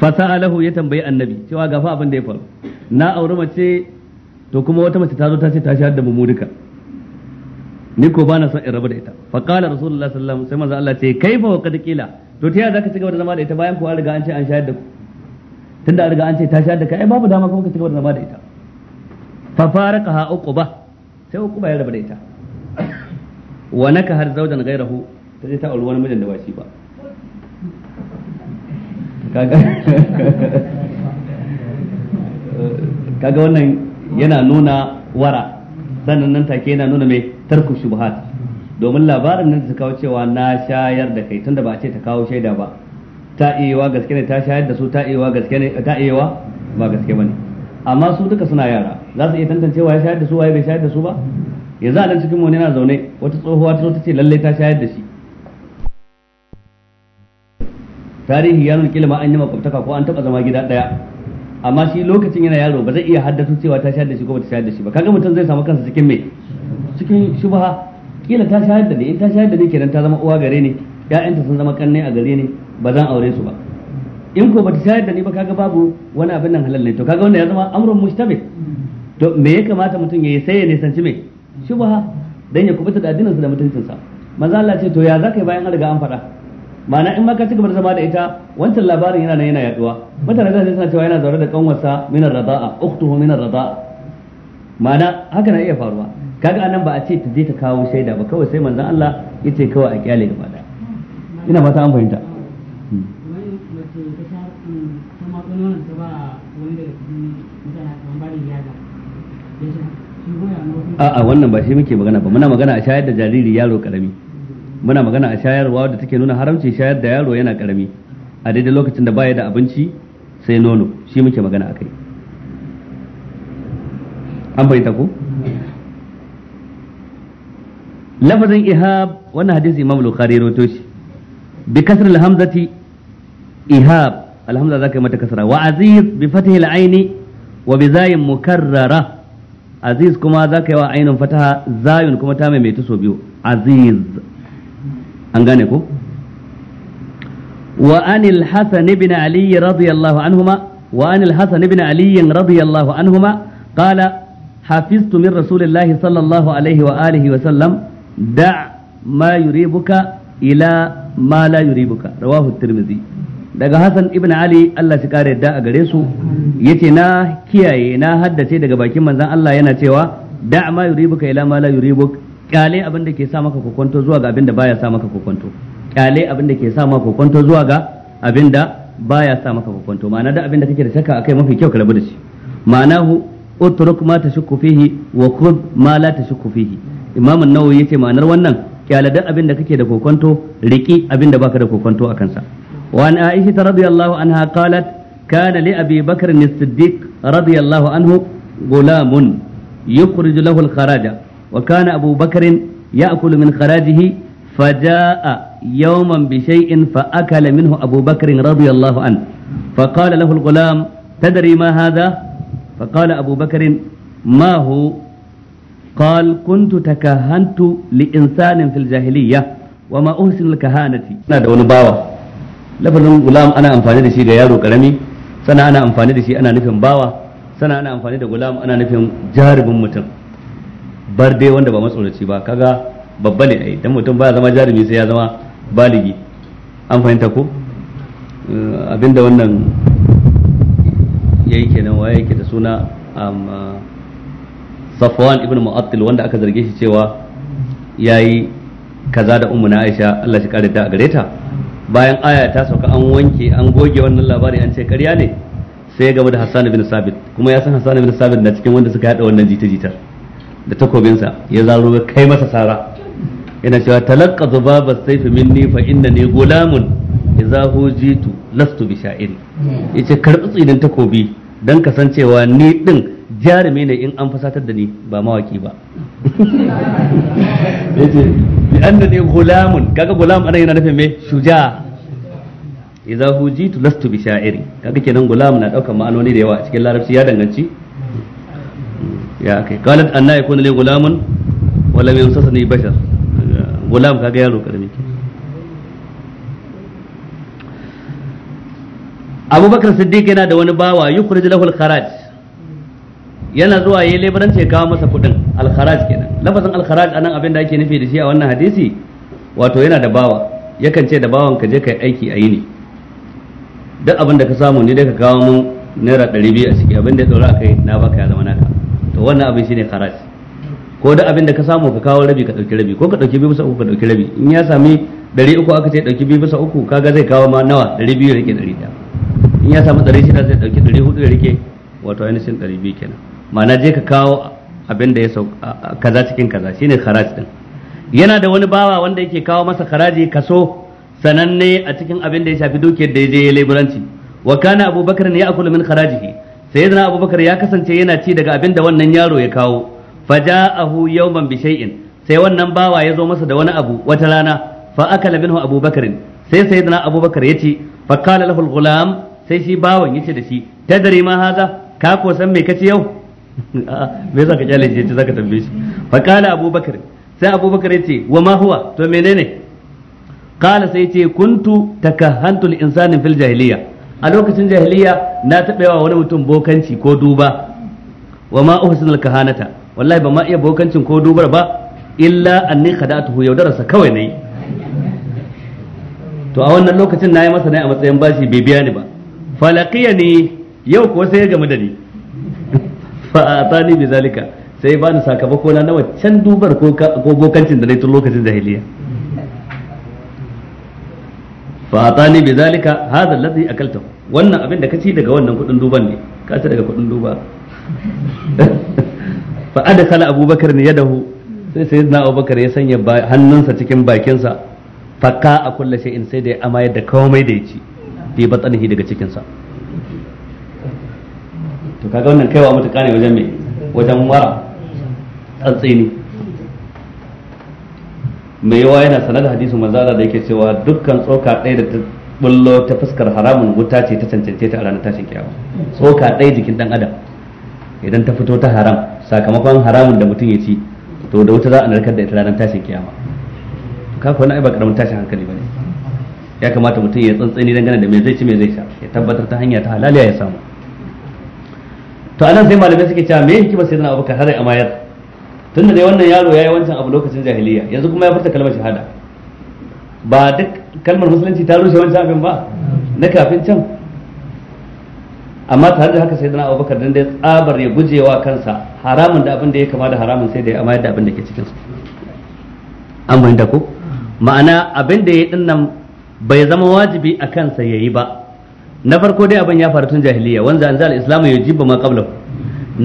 fasa'alahu ya tambayi annabi cewa gafa abin da ya faru na auri mace to kuma wata mace ta zo ta ce ta shahar da mu duka ni ko bana son in rabu da ita fa qala rasulullah sallallahu alaihi wasallam sai manzo Allah ce kaifa wa qad qila to ta yaya zaka ci gaba da zama da ita bayan ko an riga an ce an shahar da ku tunda an riga an ce ta shahar da kai ai babu dama kuma ka ci gaba da zama da ita fa faraqaha uquba sai uquba ya rabu da ita wa naka har zaujan ghairahu ta ce ta auri wani mijin da ba shi ba kaga wannan yana nuna wara sannan nan take yana nuna mai tarku shubhat domin labarin nan ta kawo cewa na shayar da kai tunda ba a ce ta kawo shaida ba ta iyawa gaske ne ta shayar da su ta iyawa gaske ne ta iyawa ba gaske bane amma su duka suna yara za su iya tantancewa ya shayar da su waye bai shayar da su ba yanzu a nan cikin mu ne na zaune wata tsohuwa ta zo ta ce lalle ta shayar da shi tarihi ya nuna kilima an yi makwabtaka ko an taba zama gida daya amma shi lokacin yana yaro ba zai iya haddasa cewa ta shayar da shi ko ba ta shayar da shi ba kaga mutum zai samu kansa cikin me cikin shubha kila ta shayar da ni in ta shayar da ni kenan ta zama uwa gare ni ƴaƴanta sun zama kanne a gare ni ba zan aure su ba in ko bata shayar da ni ba kaga babu wani abin nan halal ne to kaga wannan ya zama amrun mushtabih to me ya kamata mutum yi sai ya nisanci me shubha dan ya kubuta da addinin sa da mutuncin sa manzo Allah ce to ya zaka bayan an riga an faɗa ma'ana in ma ka ci gaba da zama da ita wancan labarin yana nan yana yaduwa mutane za su suna cewa yana zaure da kanwarsa min ar-rada'a ukhtuhu min ar-rada'a ma'ana haka na iya faruwa kaga anan ba a ce ta je ta kawo shaida ba kawai sai manzon Allah yace kawai a kyale gaba da ina ba ta an fahimta hmm. a'a wannan ba shi muke magana ba muna magana a shayar da jariri yaro karami muna magana a shayarwa da take nuna haramci shayar da yaro yana karami a daidai lokacin da baya da abinci sai nono shi muke magana akai an bai ku. lafazin ihab wannan hadisi imam bukhari rawaito shi bi kasr al hamzati ihab al hamza zaka mata kasra wa aziz bi fathi al aini wa bi zayin mukarrara aziz kuma zaka yi wa ainin fataha zayun kuma ta mai mai biyu aziz an gane ko wa anil hasan ibn ali radiyallahu anhuma wa anil hasan ibn ali radiyallahu anhuma qala حفظت من رسول sallallahu alaihi wa عليه wa sallam دع ما يريبك إلى ما لا يريبك رواه الترمذي daga hasan ibn Ali Allah shi kare da a gare su yace na kiyaye na haddace daga bakin manzon Allah yana cewa da ma yuribuka ila ma la yuribuk kyale abin da ke sa maka kokonto zuwa ga abin da baya sa maka kokonto kyale abin da ke sa maka kokonto zuwa ga abin da baya sa maka kokonto ma'ana da abin da kake da shakka akai mafi kyau ka rabu da shi ma'ana hu utruk ma tashukku fihi wa khudh ma la tashukku fihi imam an-nawawi yace ma'anar wannan kyale da abin da kake da kokonto riki abin da baka da kokonto akan sa wa an aisha radiyallahu anha qalat كان لأبي بكر الصديق رضي الله عنه غلام يخرج له الخراج وكان أبو بكر يأكل من خراجه فجاء يوما بشيء فأكل منه أبو بكر رضي الله عنه فقال له الغلام تدري ما هذا فقال أبو بكر ما هو قال كنت تكهنت لإنسان في الجاهلية وما أحسن الكهانة هذا ونباوة lafazin gulam ana amfani da shi ga yaro karami sana ana amfani da shi ana nufin bawa sana ana amfani da gulam ana nufin jaribin mutum bar dai wanda ba matsoraci ba kaga babba ne ai dan mutum baya zama jarumi sai ya zama baligi an fahimta ko eh, abinda wannan yayi kenan waye yake da suna um, Safwan ibn Mu'attil wanda aka zarge shi cewa yayi kaza da ummu na Aisha Allah shi kare ta a gare bayan aya ta sauka an wanke an goge wannan labari an ce karya ne sai ya gamu da Hassan ibn Sabit kuma ya san Hassan ibn Sabit na cikin wanda suka hada wannan jita-jitar da takobinsa ya zaro kai masa sara yana cewa talaqqa zubaba sayfi minni fa innani gulamun idza hujitu lastu bi sha'iri yace karbi tsinin takobi dan kasancewa ni ɗin jarumi ne in an fasatar da ni ba mawaki ba yace bi annani gulamun kaga gulam anan yana nufin me shuja idza hujitu lastu bi sha'iri kaga kenan gulam na ɗaukar ma'anoni da yawa cikin larabci ya danganci ya kai qalat anna yakuna li gulamun wa lam yamsasni bashar gulam kaga yaro karami abubakar siddiq yana da wani bawa yukhrij lahu al-kharaj yana zuwa yayin lebaranci ya kawo masa kudin al-kharaj kenan lafazin al-kharaj anan abin da ake nufi da shi a wannan hadisi wato yana da bawa yakan ce da bawan ka je kai aiki a yini duk abin da ka samu ne dai ka kawo mun naira 200 a ciki abin da ya tsoro kai na baka ya zama naka to wannan abin shine kharaj ko da abin da ka samu ka kawo rabi ka dauki rabi ko ka dauki biyu bisa uku ka dauki rabi in ya sami 300 uku aka ce dauki biyu bisa uku kaga zai kawo ma nawa 200 biyu rike 100 in ya samu dari zai dauki 400 rike wato ainihin dari biyu kenan ma'ana je ka kawo abin da ya sau kaza cikin kaza shine kharaj din yana da wani bawa wanda yake kawo masa kharaji kaso sananne a cikin abin da ya shafi dukiyar da ya je ya leburanci wa kana abubakar ne ya akulu min kharajihi sayyidina abubakar ya kasance yana ci daga abin da wannan yaro ya kawo faja'ahu yawman bi shay'in sai wannan bawa ya zo masa da wani abu wata rana fa akala minhu abubakar sai sayyidina abubakar ya ce. fa qala lahu al-ghulam sai shi bawan ya ce da shi tadri ma haza ka ko san me kace yau me yasa ka kyale shi yace zaka tambaye shi fa qala abubakar sai abubakar ya ce wa ma huwa to menene qala sai yace kuntu takahantu li insanin fil jahiliya a lokacin jahiliya na taɓa yawa wani mutum bokanci ko duba wa ma uhsinul kahanata wallahi ba ma iya bokancin ko dubar ba illa anni khada'tuhu yaudarasa kawai nayi to a wannan lokacin nayi masa ne a matsayin bashi bai biya ni ba falaqiyani ne yau ko sai ya gamu da ni fa atani bi zalika sai bani sakamako na na wancan dubar ko bokancin da nayi tun lokacin jahiliya fa atani bi zalika hadha alladhi akalta wannan abin da kace daga wannan kudin duban ne ka ci daga kudin duba fa adkhala abubakar ne yadahu sai sayyidina abubakar ya sanya hannunsa cikin bakinsa fakka a kulla shay'in sai da ya amayar da komai da ya ci bi batsanihi daga cikinsa to kaga wannan kaiwa mutuka ne wajen me wajen wara tsantsini mai yawa yana sanar da hadisin manzala da yake cewa dukkan tsoka ɗaya da ta bullo ta fuskar haramun wuta ce ta cancance ta a ranar tashin kiyama tsoka ɗaya jikin ɗan adam idan ta fito ta haram sakamakon haramun da mutum ya ci to da wuta za a narkar da ita ranar tashin kiyama ka kuwa na ba karamin tashin hankali ba ne ya kamata mutum ya tsantsani dangane da me zai ci me zai sha ya tabbatar ta hanya ta halaliya ya samu to anan sai malamai suke cewa me ba sai zana abuka har ya amayar tunda dai wannan yaro yayi wancan abu lokacin jahiliya yanzu kuma ya furta kalmar shahada ba duk kalmar musulunci ta rushe wancan abin ba na kafin can amma tare da haka sai dana abubakar dan dai tsabar ya gujewa kansa haramun da abin da ya kama da haramun sai da ya amma yadda abin da ke cikin su an fahimta ko ma'ana abin da ya din nan bai zama wajibi a kansa yayi ba na farko dai abin ya faru tun jahiliya wanda anzal islamu yujibu ma qablahu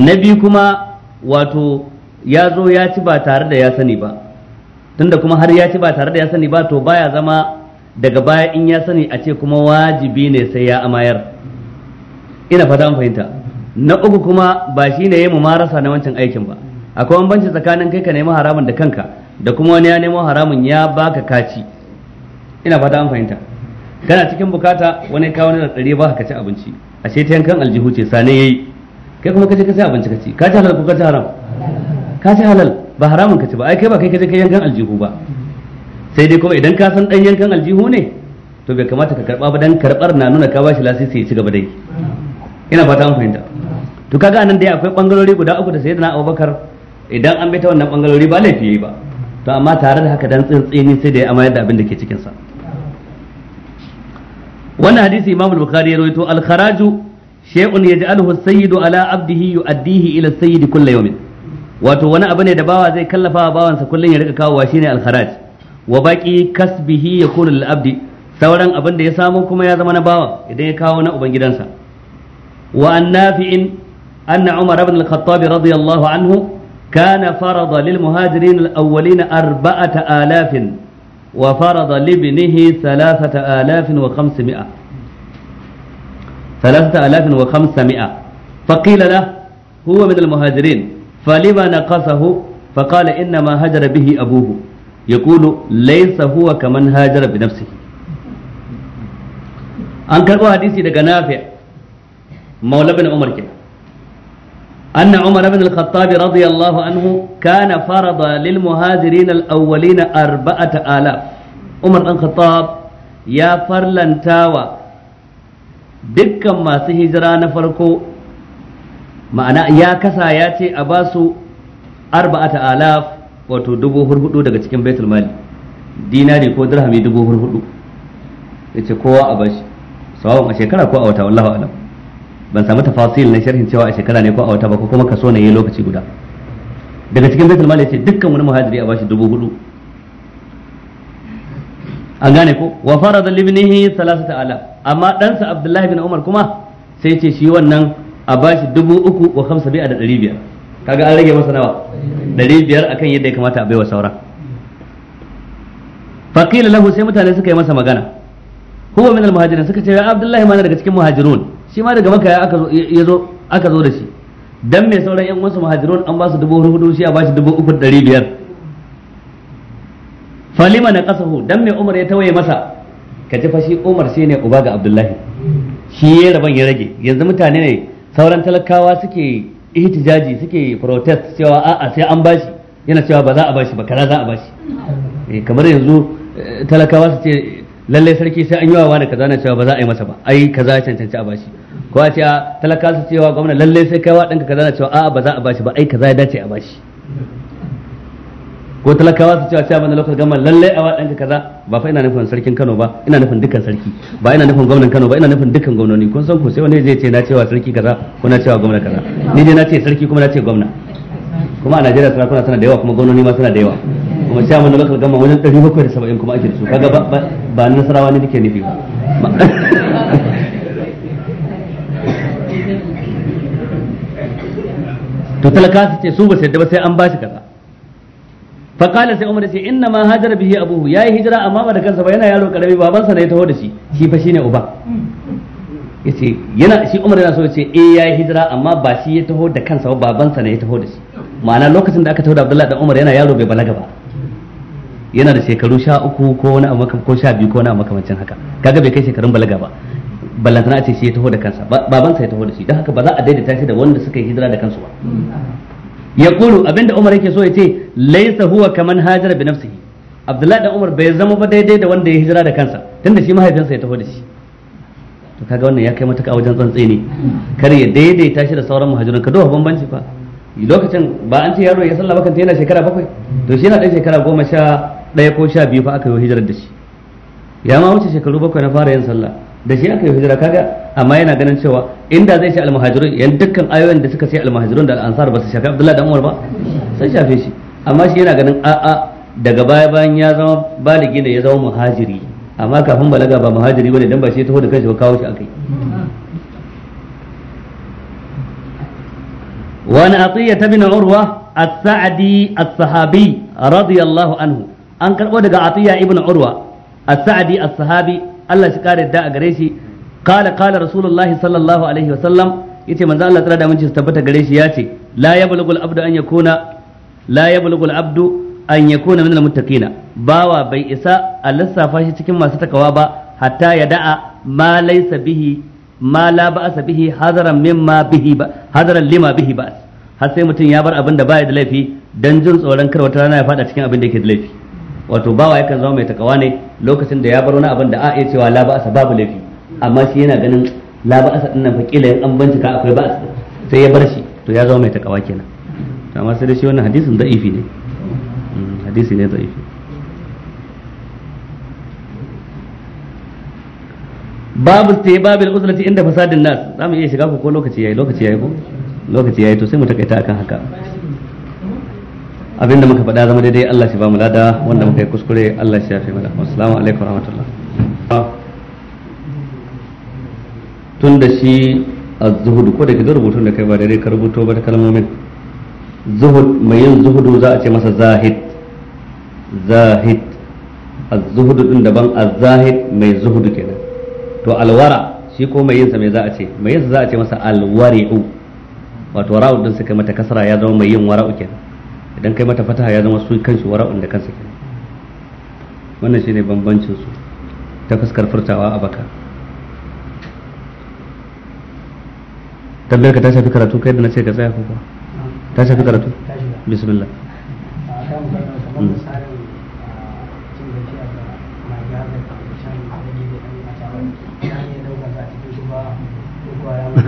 na biyu kuma wato ya zo ya ci ba tare da ya sani ba tunda kuma har ya ci ba tare da ya sani ba to baya zama daga baya in ya sani a ce kuma wajibi ne sai ya amayar ina fata an fahimta na uku kuma ba shi ne ya mumarasa na wancan aikin ba akwai bambanci tsakanin kai ka nemi haramun da kanka da kuma wani ya nemo haramun ya baka kaci ina fata an fahimta kana cikin bukata wani kawo da tsare ba ka ci abinci ashe ta yankan aljihu ce sane yayi kai kuma ce ka sai abinci ci ka ci halal ko ka ci haram ka ci halal ba haramun ka ci ba ai kai ba kai kaje kai yankan aljihu ba sai dai kuma idan ka san dan yankan aljihu ne to bai kamata ka karba ba dan karbar na nuna ka bashi lasisi ya ci gaba dai ina fata an fahimta to kaga anan dai akwai bangarori guda uku da sayyidina Abubakar idan an bi ta wannan bangarori ba laifi yayi ba to amma tare da haka dan tsintsini sai da ya amayar da abin da ke cikin sa wannan hadisi Imam Bukhari ya rawaito al-kharaju shay'un yaj'aluhu as-sayyidu ala 'abdihi yu'addihi ila as-sayyid kullu wato wani abu ne da bawa zai kallafa wa bawansa kullun ya rika kawowa shine al-kharaj wa baqi kasbihi yakunu lil abdi sauran abin da ya samu kuma ya zama na bawa idan ya kawo na ubangidansa wa annafi'in anna umar ibn al-khattab radiyallahu anhu kana farada lil muhajirin al-awwalin arba'ata alafin wa farada li ibnihi thalathata alafin wa faqila lahu huwa min al-muhajirin فلما نقصه فقال إنما هجر به أبوه يقول ليس هو كمن هاجر بنفسه أن karɓo حديثي daga نافع maula بن عمر كده أن عمر بن الخطاب رضي الله عنه كان فرض للمهاجرين الأولين أربعة آلاف عمر بن الخطاب يا فرلن تاوى دكا ما سهجران فرقو ma'ana ya kasa ya ce a ba su arba'ata alaf wato dubu hurhudu daga cikin baitul mali dinari ko dirhami dubu hurhudu ya ce kowa a bashi sawon a shekara ko a wata wallahu alam ban samu tafasil na sharhin cewa a shekara ne ko a wata ba ko kuma kaso ne yi lokaci guda daga cikin baitul mali ya ce dukkan wani muhajiri a bashi dubu hudu an gane ko wa farada libnihi salasata ala, amma ɗansa abdullahi bin umar kuma sai ce shi wannan a bashi dubu uku wa hamsa bi'a da ɗari biyar kaga an rage masa nawa ɗari biyar akan yadda ya kamata a baiwa saura faƙila lahu sai mutane suka yi masa magana huwa min almuhajirin suka ce ya abdullahi ma daga cikin muhajirun shi ma daga maka aka zo aka zo da shi dan me sauran yan wasu muhajirun an ba su dubu hudu shi a ba shi dubu uku da ɗari biyar falima na ƙasahu dan me umar ya tawaye masa ka ji fa shi umar shi ne uba ga abdullahi shi ya raban ya rage yanzu mutane ne sauran talakawa suke ihtijaji suke protest cewa a'a sai an bashi yana cewa ba za a bashi ba kaza za a bashi eh, kamar yanzu eh, talakawa su ce lallai sarki sai an yi wa wani kaza na cewa ba za a yi masa ba ai kaza cancanci a bashi ko a ce talakawa su cewa gwamna lallai sai kai wa ɗanka kaza na cewa a'a ba za a bashi ba ai kaza ya dace a bashi ko talakawa su cewa cewa na lokal gama lallai a wadanka kaza ba fa ina nufin sarkin Kano ba ina nufin dukkan sarki ba ina nufin gwamnan Kano ba ina nufin dukkan gwamnoni kun san ku sai wani zai ce na cewa sarki kaza ko na cewa gwamna kaza ni dai na ce sarki kuma na ce gwamna kuma a Najeriya suna kuna suna da yawa kuma gwamnoni ma suna da yawa kuma cewa mun lokacin gama wajen saba'in kuma ake da su kaga ba ba nasarawa ne nake nufi ba to talaka su ce su ba su yadda ba sai an ba shi kaza faqala sai umar sai inna ma hajara bihi abuhu yi hijira amma ba da kansa ba yana yaro karami babansa ne ya taho da shi shi fa shine uba yace yana shi umar yana so yace eh yi hijira amma ba shi ya taho da kansa ba babansa ne ya taho da shi ma'ana lokacin da aka taho da Abdullahi da Umar yana yaro bai balaga ba yana da shekaru sha uku ko wani amma ko sha biyu ko wani abu makamancin haka kaga bai kai shekarun balaga ba ballantana a ce shi ya taho da kansa babansa ya taho da shi don haka ba za a daidaita shi da wanda suka yi hijira da kansu ba yaqulu abinda Umar yake so ya ce laysa huwa kaman hajara bi nafsihi Abdullahi da Umar bai zama ba daidai da wanda ya hijira da kansa tun da shi mahaifinsa ya taho da shi to kaga wannan ya kai matuƙa wajen tsantsi ne kar ya daidaita shi da sauran muhajirin ka duba bambanci fa lokacin ba an ce yaro ya sallah ba kanta yana shekara bakwai to shi yana ɗan shekara goma sha ɗaya ko sha biyu fa aka yi hijirar da shi ya ma wuce shekaru bakwai na fara yin sallah da shi aka yi hijira kaga amma yana ganin cewa inda zai shi almuhajirun yan dukkan ayoyin da suka ce almuhajirun da al'ansar ba su shafi abdullahi da umar ba sun shafe shi amma shi yana ganin a'a daga baya bayan ya zama baligi ne ya zama muhajiri amma kafin balaga ba muhajiri bane dan ba shi ya taho da kanshi ba kawo shi akai وعن عطية بن عروة السعدي الصحابي رضي الله عنه أنكر ودق عطية ابن عروة السعدي الصحابي Allah shi kare da a gare shi qala qala rasulullahi sallallahu alaihi wa sallam yace manzo Allah tsara da mun ci tabbata gare shi yace la yablughu al-abdu an yakuna la yablughu al-abdu an yakuna min al-muttaqina bawa bai isa a lissafa shi cikin masu takawa ba hatta ya da'a ma laysa bihi ma la ba'asa bihi hadaran mimma bihi ba hadaran lima bihi ba har sai mutum ya bar abin da baya da laifi dan jin tsoron kar wata rana ya fada cikin abin da yake da laifi wato bawa yakan zama mai takawa ne lokacin da ya bar wani abin da a iya cewa la ba'asa babu laifi amma shi yana ganin la ba'asa din nan fa kila in an bincika akwai ba'as sai ya bar shi to ya zama mai takawa kenan amma sai da shi wannan hadisin da'ifi ne mm, hadisi ne da'ifi babu istihbab al-uzlati inda fasadin nas zamu iya shiga ko lokaci yayi lokaci yayi ko lokaci yayi to sai mu takaita akan haka abinda muka faɗa zama daidai Allah shi ba mu lada wanda muka yi kuskure Allah shi ya fi mana wasu alaikum rahmatullah tun da shi a zuhudu ko da kaga rubutun da kai ba daidai ka rubuto ba ta kalmomin zuhud mai yin zuhudu za a ce masa zahid zahid a zuhudu ɗin daban a zahid mai zuhudu kenan to alwara shi ko mai yin sa mai za a ce mai yin sa za a ce masa alwari'u wato wara'u ɗin suka mata kasara ya zama mai yin wara'u kenan idan kai mata fataha ya zama su kanshi wara'un da kansa kenan wannan shine bambancin su ta fuskar furtawa a baka tambayar ka ta shafi karatu kai da na ce ka tsaya ko ta shafi karatu bismillah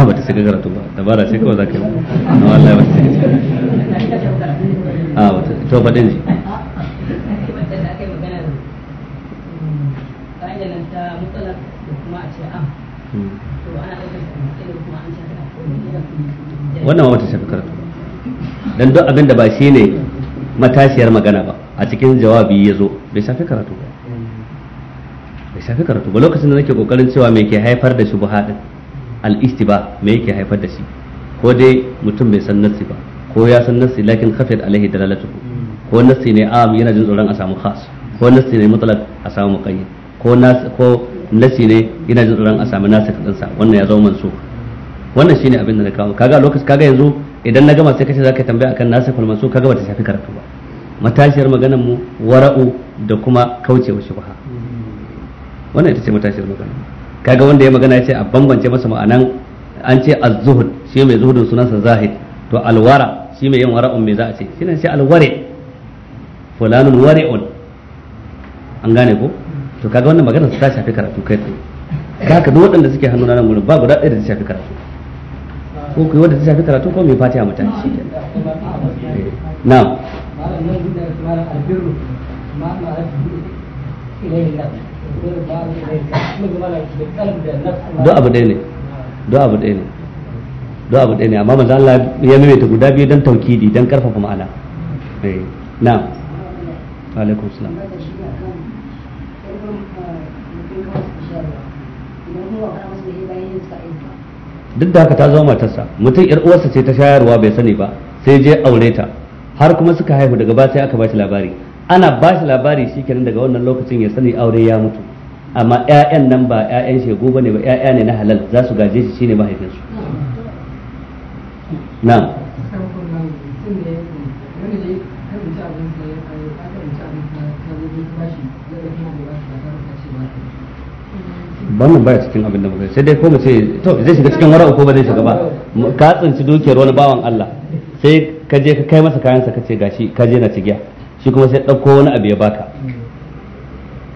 ba ta saka karatu ba dabara sai kawai za ka yi na wallahi ba ta saka a ah, wata to faɗin ji wannan wata shafi karatu dan duk abin da ba shi ne matashiyar magana ba a cikin jawabi ya zo bai shafi karatu ba bai shafi karatu ba lokacin da nake kokarin cewa me ke haifar da shubuha din al-istiba me yake haifar da shi ko dai mutum bai san nassi ba ko ya san nassi lakin khafiyat alaihi dalalatuhu ko nassi ne am yana jin tsoron a samu khas ko nassi ne mutlaq a samu muqayyad ko nas ko nassi ne yana jin tsoron a samu nasi din sa wannan ya zama mansukh wannan shine abin da na kawo kaga lokaci kaga yanzu idan na gama sai kace zaka tambaya akan nasikhul mansukh kaga bata shafi karatu ba matashiyar maganar mu wara'u da kuma kaucewa shubha wannan ita ce matashiyar maganar mu kaga wanda ya magana ya ce a bambance masa ma'anan an ce az-zuhud shi mai zuhudin sunansa zahid to alwara shi mai yin wara'un me za a ce shi ne alware fulanun wari'un an gane ko to kaga wannan magana ta shafi karatu kai tsaye ka duk waɗanda suke hannuna nan gurin guda ɗaya da ta shafi karatu ko kai wanda ta shafi karatu ko mai fatiha mutane shi ke da duk abu ɗaya ne duk abu ɗaya ne duk abu ɗaya ne amma manzo Allah ya maimaita guda biyu don taukidi don karfafa ma'ana eh na'am alaikum salam duk da haka ta zama matarsa mutum yar uwarsa ce ta shayarwa bai sani ba sai je aure ta har kuma suka haihu daga ba sai aka ba shi labari ana ba shi labari shi kenan daga wannan lokacin ya sani aure ya mutu amma 'ya'yan nan ba 'ya'yan shegu ba ne ba 'ya'ya ne na halal za su gaje shi shine mahaifinsu na wannan baya cikin abin da sai dai ko mu ce to zai shiga cikin wara'u ko ba zai shiga ba ka tsinci dukiyar wani bawan Allah sai ka je ka kai masa kayan sa kace gashi ka je na cigiya shi kuma sai ɗauko wani abu ya baka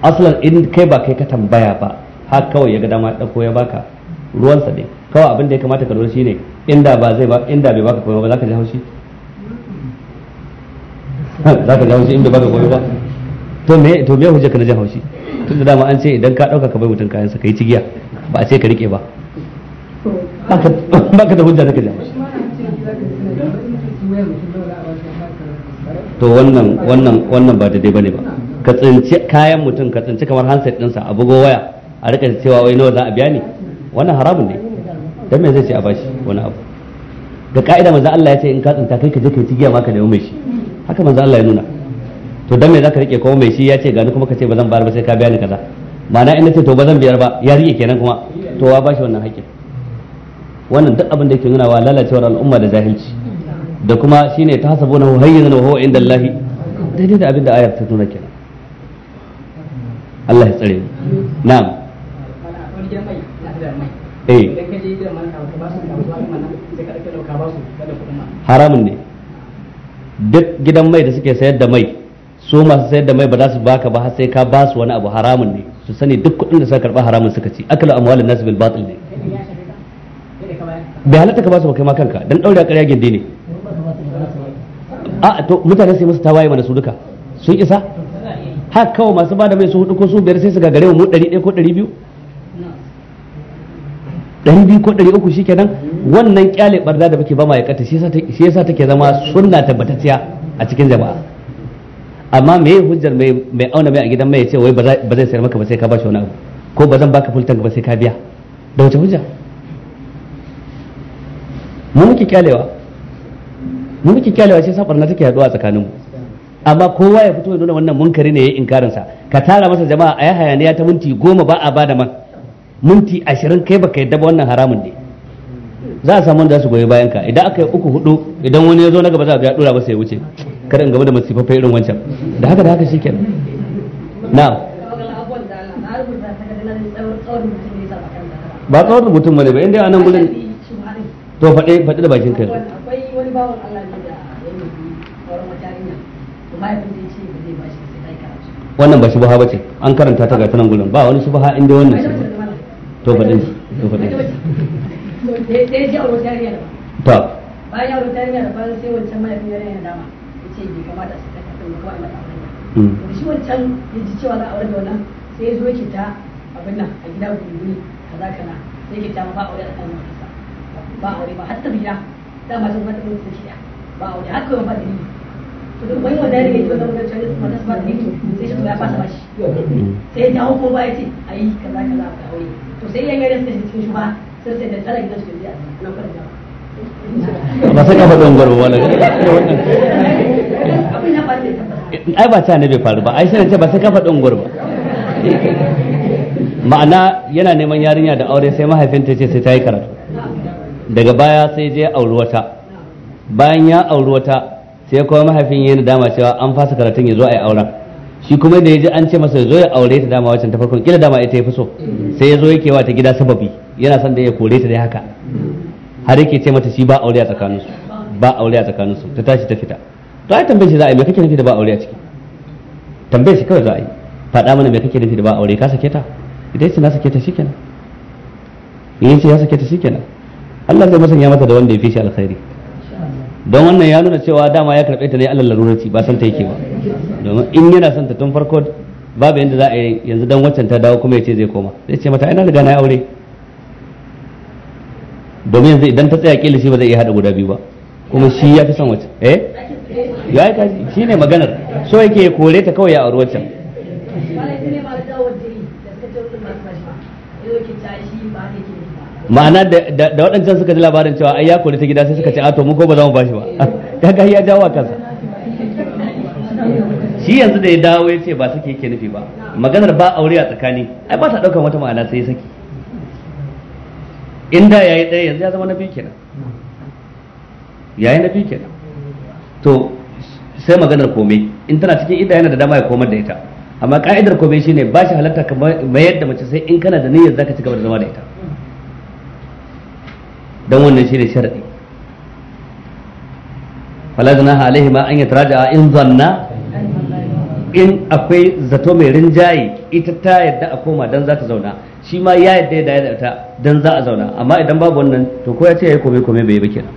asalin in kai ba kai ka tambaya ba haka kawai ya ga dama ɗauko ya baka ruwansa ne kawai abin da ya kamata ka lura ne inda ba zai ba inda bai baka komai ba za ka ji haushi za ka ji haushi in bai baka komai ba to me to me hujja ka na ji haushi tun da dama an ce idan ka ɗauka ka bai mutum kayan sa yi cigiya ba a ce ka rike ba ba ka da hujja za ka ji haushi to wannan wannan wannan ba daidai bane ba ka tsinci kayan mutum ka tsinci kamar handset ɗinsa a bugo waya a rika cewa wai nawa za a biya ni wannan haramun ne dan me zai ce a bashi wani abu Ga ka'ida manzo Allah ya ce in ka tsinta kai ka je kai tigiya maka ka mai shi haka manzo Allah ya nuna to dan me zaka rike kuma mai shi ya ce gani kuma ka ce ba zan bayar ba sai ka biya ni kaza ma'ana in nace to ba zan biyar ba ya rike kenan kuma to wa bashi wannan haƙƙin wannan duk abin da yake nuna wa lalacewar al'umma da jahilci da kuma shine ta hasabo na hayyin na huwa inda Allah daidai da abin da ayar ta nuna kenan Allah ya tsare mu na'am eh haramun ne duk gidan mai da suke sayar da mai su masu sayar da mai ba za su baka ba sai ka ba su wani abu haramun ne su sani duk kudin da suka karɓa haramun suka ci akala amwalin nasu bil batil ne bai halatta ka ba su ba kai ma kanka dan daure a ƙarya gindi ne a to mutane sai musu tawaye mana su duka sun isa har kawai masu bada mai su hudu ko su biyar sai su ga gare mu ɗari ɗaya ko ɗari biyu ɗari biyu ko ɗari uku shikenan wannan kyale barna da muke ba ma yakata shi yasa take zama sunna tabbatacciya a cikin jama'a amma me hujjar mai auna mai a gidan mai ya ce wai ba zai sayar maka ba sai ka ba shi wani abu ko ba zan baka fultan ba sai ka biya da wace hujja mu muke kyalewa mu muke kyalewa sai sa na take haduwa tsakaninmu amma kowa ya fito ya nuna wannan munkari ne yi inkarin sa ka tara masa jama'a ayi hayaniya ta minti goma ba a bada man minti ashirin kai baka yadda ba wannan haramun ne za a samu wanda za su goyi bayan ka idan aka yi uku hudu idan wani ya zo na gaba za a ga ya dora masa ya wuce kada in gaba da masifafai irin wancan da haka da haka shikenan na'am ba tsawon rubutun bane ba inda anan gudun to faɗi da bakin kai bawan Allah ne da yanzu sauran wata yarinya kuma ya fice ce ba zai bashi sai kai karatu wannan ba shubha bace an karanta ta ga tanan gurin ba wani shubha inda wannan to fadin to fadin to dai dai ji aure tariya to bayan ya aure tariya ba sai wancan mahaifin yarinya dama yace bai kamata su kai karatu ko ai mata aure hmm. shi wancan ya ji cewa za a aure da wannan sai ya zo yake ta abin nan a gida gurguri kaza kana sai yake ta ba aure a kan ba aure ba har ta gida dama sun mata mutu ba to duk wani wanda ya zama da su ba sai shi ya fasa bashi sai ya ba ya ce a yi kaza kaza to sai ya cikin sai sai da tsara gidan su biya na ba sai ka faɗin gwaro ne ai ba ta ne bai faru ba ai sai ce ba sai ka faɗin gwaro ba ma'ana yana neman yarinya da aure sai mahaifinta ce sai ta yi karatu daga baya sai je auri wata bayan ya auri wata sai kuma mahaifin ya nadama cewa an fasa karatun ya zo a yi auren shi kuma da ya ji an ce masa ya zo ya aure ta dama wacce ta farkon kila dama ita ya fi so sai ya zo yake wa ta gida sababi yana son da ya kore ta dai haka har yake ce mata shi ba aure a tsakaninsu ba aure a tsakaninsu ta tashi ta fita to ai tambaye shi za a yi me kake nufi da ba aure a ciki tambaye shi kawai za a yi faɗa mana me kake nufi da ba aure ka sake ta idan ce na sake ta shikenan idan ce ya sake ta shikenan Allah zai masanya mata da wanda ya fi shi alkhairi don wannan ya nuna cewa dama ya karɓe ta ne Allah larurati ba san ta yake ba domin in yana son ta tun farko babu yadda za a yi yanzu dan waccan ta dawo kuma ya ce zai koma zai ce mata ina riga na aure domin yanzu idan ta tsaya kila shi ba zai iya hada guda biyu ba kuma shi ya fi son wacce eh ya yi shi ne maganar so yake ya kore ta kawai ya auri waccan ma'ana da waɗancan suka ji labarin cewa ai ya kori ta gida sai suka ce a to mu ko ba za mu bashi ba kaga ya jawo kansa shi yanzu da ya dawo ya ce ba sake yake nufi ba maganar ba aure a tsakani ai ba ta ɗaukar wata ma'ana sai saki inda ya yi ɗaya yanzu ya zama na biyu kenan ya yi na biyu kenan to sai maganar komai in tana cikin ida yana da dama ya komar da ita amma ka'idar komai shine ba shi halatta kamar mayar da mace sai in kana da niyyar zaka ci gaba da zama da ita don wannan shi ne sharaɗi fala junaha alaihi ma an a in zanna in akwai zato mai rinjaye ita ta yadda a koma don za ta zauna shi ma ya yadda ya da ta don za a zauna amma idan babu wannan to ko ya ce ya yi kome kome bai yi ba kenan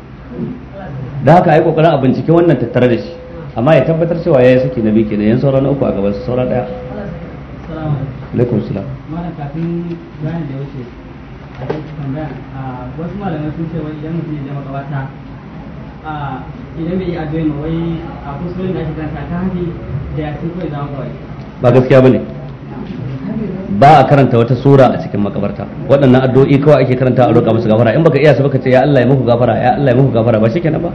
da haka ai kokarin a bincike wannan tattare da shi amma ya tabbatar cewa ya yi saki na biki kenan yan sauran uku a gaban sauran daya alaikum salam kafin bayan da wuce wasu malamai sun ce wai idan mutum ya je makabata idan bai yi addu'a ma wai a kusurin da ake ta da ya sun kawai zama kawai ba gaskiya bane ba a karanta wata sura a cikin makabarta waɗannan addu'o'i kawai ake karanta a roƙa musu gafara in baka iya su baka ce ya Allah ya muku gafara ya Allah ya muku gafara ba shikenan ba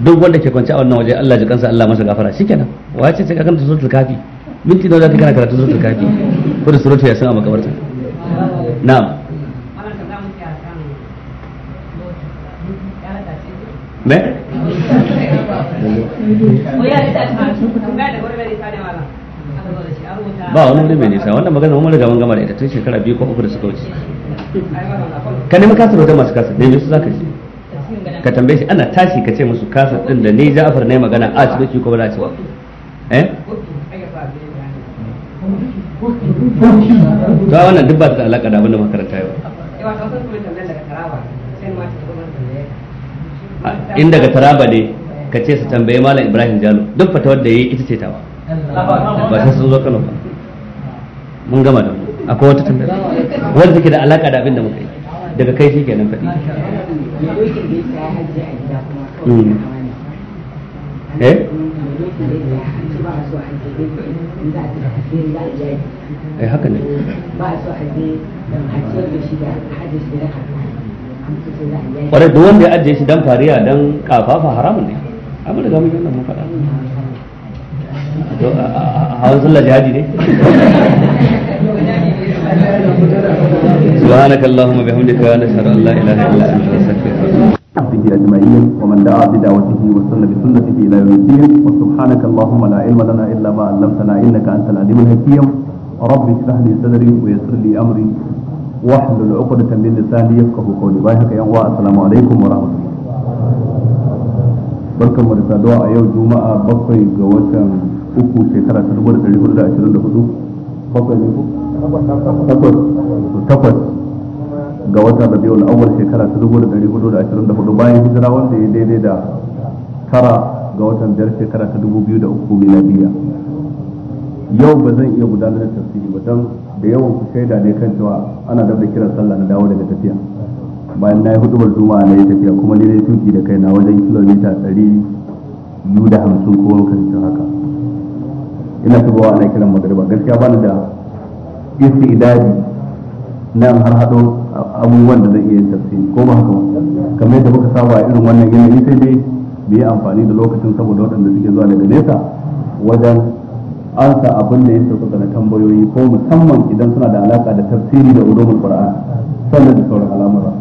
duk wanda ke kwance a wannan waje Allah ji kansa Allah masa gafara shikenan wace ce ka karanta suratul kafi minti nawa zaka ka kana karanta suratul kafi ko da suratul yasin a makabarta na'am Ne, ba wani wuri mai nisa wannan magana mun riga mun gama da ita tun shekara biyu ko uku da suka wuce ka nemi kasar wajen masu kasar ne su zaka ji ka tambaye shi ana tashi ka ce musu kasar din da ni Ja'far ne magana a ci ko ba za ci wa. eh to wannan duk ba ta da alaka da abin da makaranta yau in daga taraba ne ka ce su tambaye malam ibrahim jalo duk fatawar da yi ita ce tawa ba sai sun zo kano ba mun gama da akwai wata tambaya wanda take da alaka da abin da muka yi daga kai shi faɗi hmm. eh eh haka ne ba su um, haji da haji da shi da haji da kwarai duk wanda ya ajiye shi dan fariya dan kafafa haramun ne abin da ga mun nan mun faɗa hawan sallah jihadi ne سبحانك اللهم وبحمدك نشهد ان لا اله الا انت نستغفرك به اجمعين ومن دعا بدعوته وسن بسنته الى يوم الدين وسبحانك اللهم لا علم لنا الا ما علمتنا انك انت العليم الحكيم رب اشرح لي صدري ويسر لي امري واحد عقدة من لساني يفقه قولي باي هكا يا السلام عليكم ورحمة الله barkan mu da جمعة a yau juma'a bakwai ga watan uku shekara ta dubu da ɗari hudu da ashirin da hudu bakwai ne takwas ga watan shekara ta dubu da dari hudu da ashirin da hudu bayan hijira wanda ya daidai da tara ga watan biyar shekara ta dubu biyu da uku biya yau ba zan iya gudanar da tafsiri ba don da yawan ku shaida ne kan cewa ana da kiran sallah na dawo daga tafiya bayan na yi hudubar juma'a na yi tafiya kuma ni ne tuki da kai na wajen kilomita ɗari biyu da hamsin ko wani kasance haka ina bawa ana kiran magariba gaskiya bani da isi idadi na har haɗo abubuwan da zai iya yin tafsiri ko ba haka kamar yadda muka saba irin wannan yanayi sai dai mu yi amfani da lokacin saboda waɗanda suke zuwa daga nesa wajen ansa abin da ya sauka na tambayoyi ko musamman idan suna da alaka da tafsiri da ulumul qur'an sannan da sauran al'amura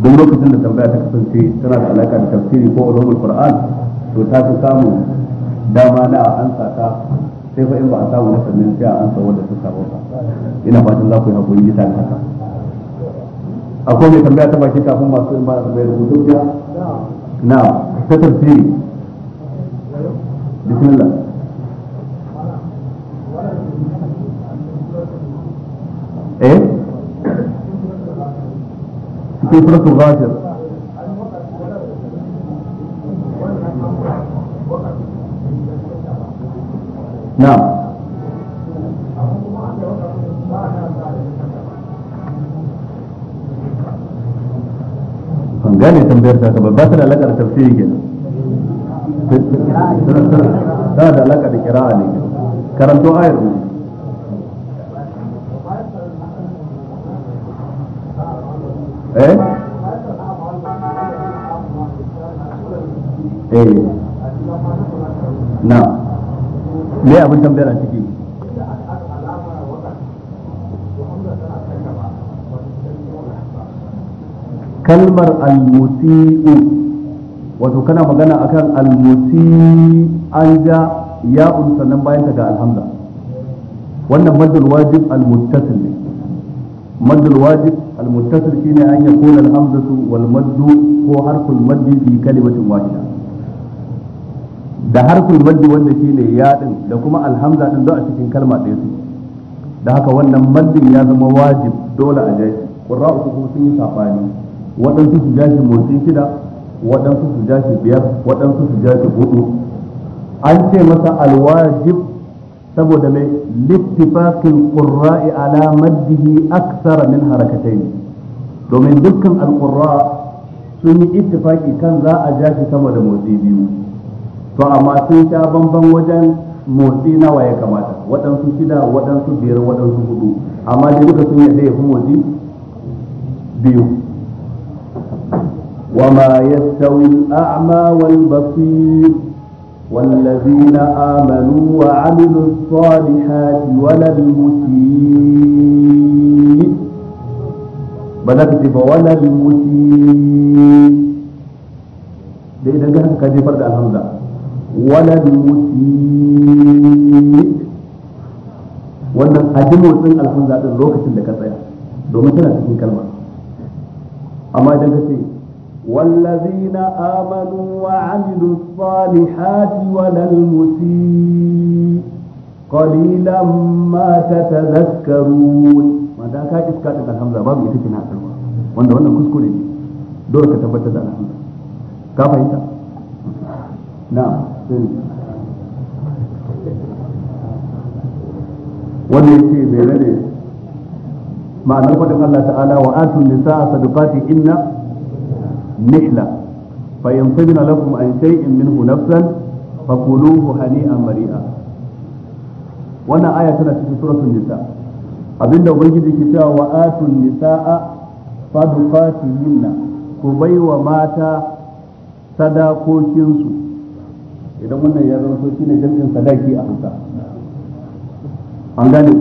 duk lokacin da tambaya ta kasance tana da alaka da tafsiri ko ulumul qur'an to ta fi samu dama na ansa ta sai fa in ba a samu na sannan sai a ansa wanda ta samu ba ina fatan za ku yi haƙuri ita da haka akwai mai tambaya ta baki kafin masu yin ba tambayar rubutu ya na ta tafsiri bismillah في سورة الغاشر نعم gane tambayar ta ka ba ta da alaka da tafsiri kenan tana da alaka da kira'a ne karanto ayar ne eh eh na me abin tambayar a ciki kalmar almusi'u wato kana magana akan almusi an ja ya'un sannan bayan ta ga alhamza wannan madal wajib almuttasil ne مد الواجب المتصل شين أن يكون الهمزة والمد هو حرف المد في كلمة واحدة da harfin maddi wanda shi ne ya din da kuma alhamza din don a cikin kalma ɗaya su da haka wannan maddin ya zama wajib dole a jashi uku kuma sun yi saɓani waɗansu su jashi motsi shida waɗansu su jashi biyar waɗansu su jashi hudu an ce masa alwajib saboda mai littifaqil qurra'i ala maddihi aksara min ne, domin dukkan alqurra sun yi ittifaki kan za a ja shi sama da motsi biyu to amma sun sha bamban wajen motsi nawa ya kamata waɗansu shida waɗansu biyar waɗansu hudu amma dai duka sun yadda ya fi motsi biyu وما يستوي الأعمى والبصير والذين آمنوا وعملوا الصالحات ولا المسيء بذلك ولا المسيء da idan ka ka jefar da alhamza walad muti wannan ajimo din alhamza din lokacin da ka tsaya domin tana cikin kalma amma والذين آمنوا وعملوا الصالحات ولا المسيء قليلا ما تتذكرون ما دا كا إسكات الحمزة باب يتكنا أكلوا وانا وانا كسكولي دي دور كتبت دا الحمزة كافة انت نعم wannan yake bai rade ma'anar faɗin Allah ta'ala wa atun nisa sadaqati inna mihla fa in tibna lakum an shay'in minhu nafsan fakuluhu hani'an mari'a wannan aya tana cikin suratul nisa abinda ubangiji ke cewa wa atun nisaa sadaqatihinna ku baiwa mata sadakokinsu idan wannan ya zama shi ne jam'in sadaki a hausa an gane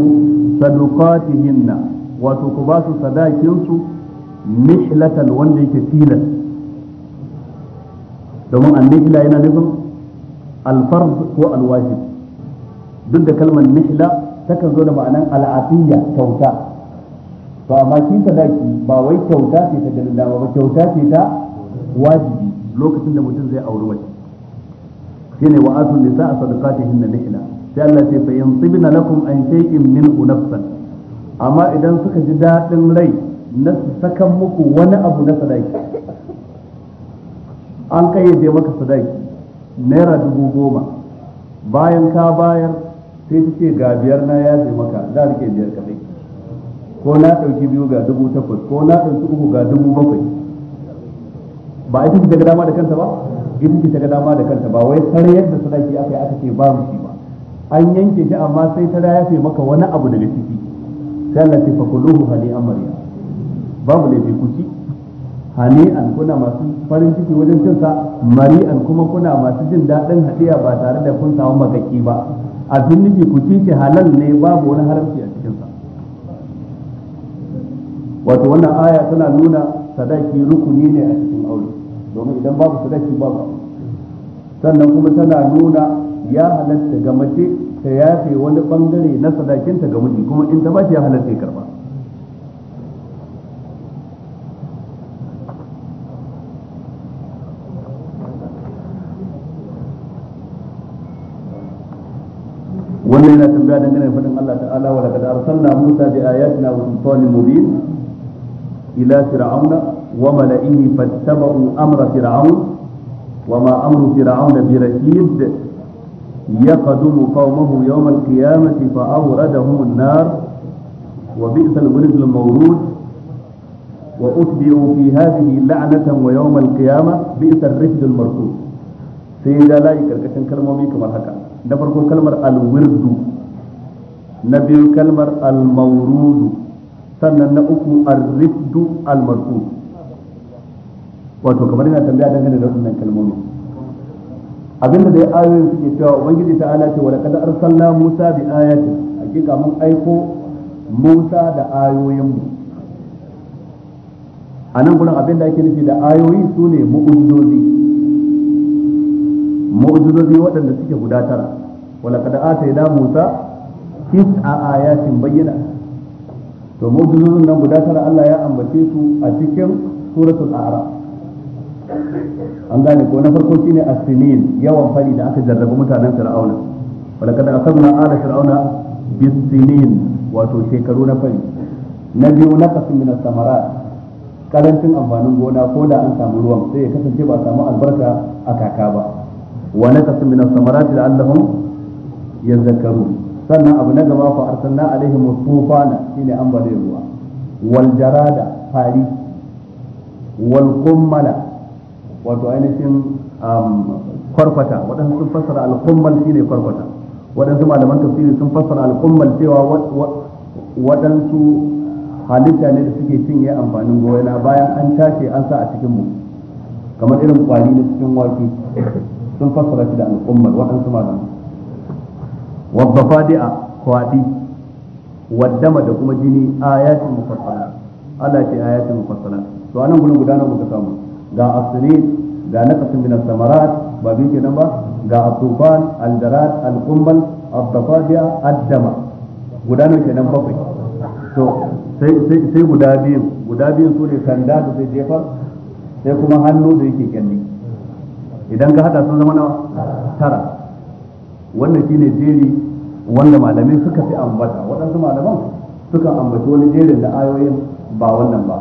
wato ku basu su sadakinsu mihlatan wanda yake tilas domin annihila yana nufin alfard ko alwajib duk da kalmar nihila takan zo da ma'anan al'afiyya kyauta to amma shi sadaki ba wai kyauta ce ta ganin dama ba kyauta ce ta wajibi lokacin da mutum zai auri mace shine wa atul nisa sadaqatihinna nihla sai Allah ce fa yansibna lakum an shay'in min nafsan amma idan suka ji daɗin rai na sakan muku wani abu na sadaki an kayyade maka sadaki naira dubu goma bayan ka bayar sai ta ce ga biyar na ya maka za a rike biyar kaɗai ko na ɗauki biyu ga dubu takwas ko na ɗauki uku ga dubu bakwai ba ita ce ta dama da kanta ba ita ce ta dama da kanta ba wai tare yadda sadaki aka yi aka ce ba mu shi ba an yanke shi amma sai ta da ya fi maka wani abu daga ciki sai Allah ta fakuluhu hali amariya babu laifi kuci ci hani'an kuna masu farin ciki wajen cin sa mari'an kuma kuna masu jin daɗin haɗiya ba tare da kun samu makaki ba a tun nufi ku ci halal ne babu wani haramci a cikin sa wato wannan aya tana nuna sadaki rukuni ne a cikin aure domin idan babu sadaki babu sannan kuma tana nuna ya halatta ga mace ta yafe wani bangare na sadakinta ga miji kuma in ta ba ya halatta ya karba wannan yana tambaya dangane da تعالى Allah ta'ala wa باياتنا arsalna Musa bi ayatina wa sultanin mubin ila fir'auna wa mala'ihi fattaba'u amra fir'aun وما أمر فرعون برشيد يقدم قومه يوم القيامة فأوردهم النار وبئس الورد المورود وأتبعوا في هذه لعنة ويوم القيامة بئس الرشد المرفوض سيدا لا يكركشن كلمة بكم حكى na farko kalmar alwirdu na biyu kalmar almaurudu sannan na uku arrifdu almarku wato kamar yana tambaya dangane da wannan kalmomi abinda dai ayoyin suke cewa ubangiji ta ala ce wa laqad arsalna musa bi ayatin hakika mun aiko musa da ayoyinmu a nan gurin abinda ake nufi da ayoyi sune mu'ujizozi mu'jizozi waɗanda suke guda tara sai atayna Musa kis a ayatin bayyana to mu'jizozin nan guda tara Allah ya ambace su a cikin suratul a'raf an gane ko na farko shine as-sinin yawan fari da aka jarrabu mutanen fir'auna walaqad akhadna ala fir'auna bis-sinin wato shekaru na fari na biyu na kasu min samara karancin amfanin gona ko da an samu ruwan sai ya kasance ba samu albarka a kaka ba wa naqas min as-samarati la'allahum yadhakkarun sannan abu na gaba fa arsalna alaihim tufana shine ambaliyar ruwa wal jarada fari wal qummala wato ainihin kwarkwata waɗansu sun fassara al shine kwarkwata waɗansu malaman tafsiri sun fassara al cewa halitta ne da suke cinye amfanin gona bayan an tace an sa a cikin mu kamar irin kwali na cikin wake sun fassara shi da al'ummar waɗansu ma malamai wadda fadi'a kwadi waddama da kuma jini ayatin mufassala Allah ce ayatin mufassala to nan gudun gudanar muka samu ga asirin ga naqasin min samarat ba bi kenan ba ga atufan aldarat alqumbal addafadi'a addama gudanar kenan bakwai to sai guda biyu guda biyu ne sanda da sai jefar sai kuma hannu da yake kyalli idan ka hada sun zama nawa tara wannan shine jeri wanda malamai suka fi ambata waɗansu malaman sukan ambaci wani jerin da ayoyin ba wannan ba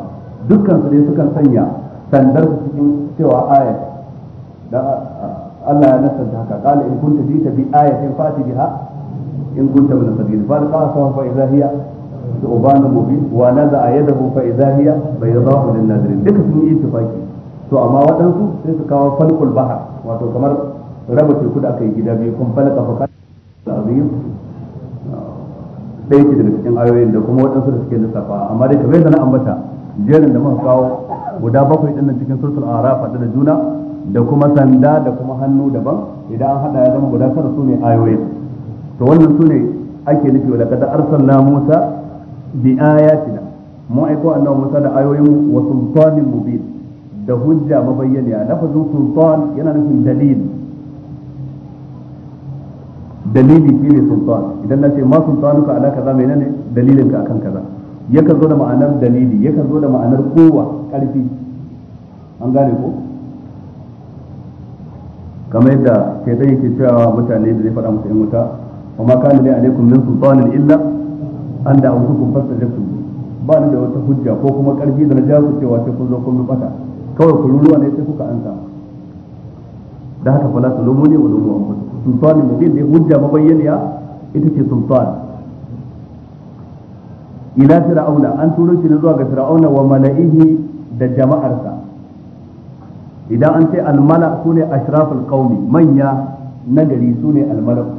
dukkan su ne sukan sanya sandar su cikin cewa aya da Allah ya nasanta haka qala in kunta jita bi ayatin fati biha in kunta min sabil fa alqa fa idha hiya ثعبان مبين ونزع يده فإذا هي بيضاء للناظرين duka sun yi tufaki to amma waɗansu sai su kawo falkul baha wato kamar raba teku da aka yi gida biyu kun falaka fa azim ɗaya ke daga cikin ayoyin da kuma waɗansu da suke lissafa amma dai kamar yadda na ambata jerin da muka kawo guda bakwai ɗin cikin surtul araf da juna da kuma sanda da kuma hannu daban idan an haɗa ya zama guda tara su ne ayoyin to wannan su ne ake nufi wa kada arsalna musa bi ayatina mu aiko annabi musa da ayoyin wa sultanin mubin da hujja mabayyaniya lafazin sultan yana nufin dalil dalili ne sultan idan na ce ma sultanuka ala kaza mai nane dalilinka akan kaza yakan zo da ma'anar dalili yakan zo da ma'anar kowa karfi an gane ko kamar yadda ke dai ke cewa mutane da zai faɗa musu in wuta wa ma kana li alaikum min sultanin illa an da autukum fastajabtum ba ni da wata hujja ko kuma karfi da na ja ku cewa sai kun zo kun bata kawai ruwa ne sai kuka ansa da haka fala su lomo ne wa lumu an kusa sultanin mubin da hujja mabayyaniya ita ce sultan ila fir'auna an turo shi zuwa ga fir'auna wa mala'ihi da jama'arsa idan an ce almala sune ashraful qaumi manya na gari sune almalaku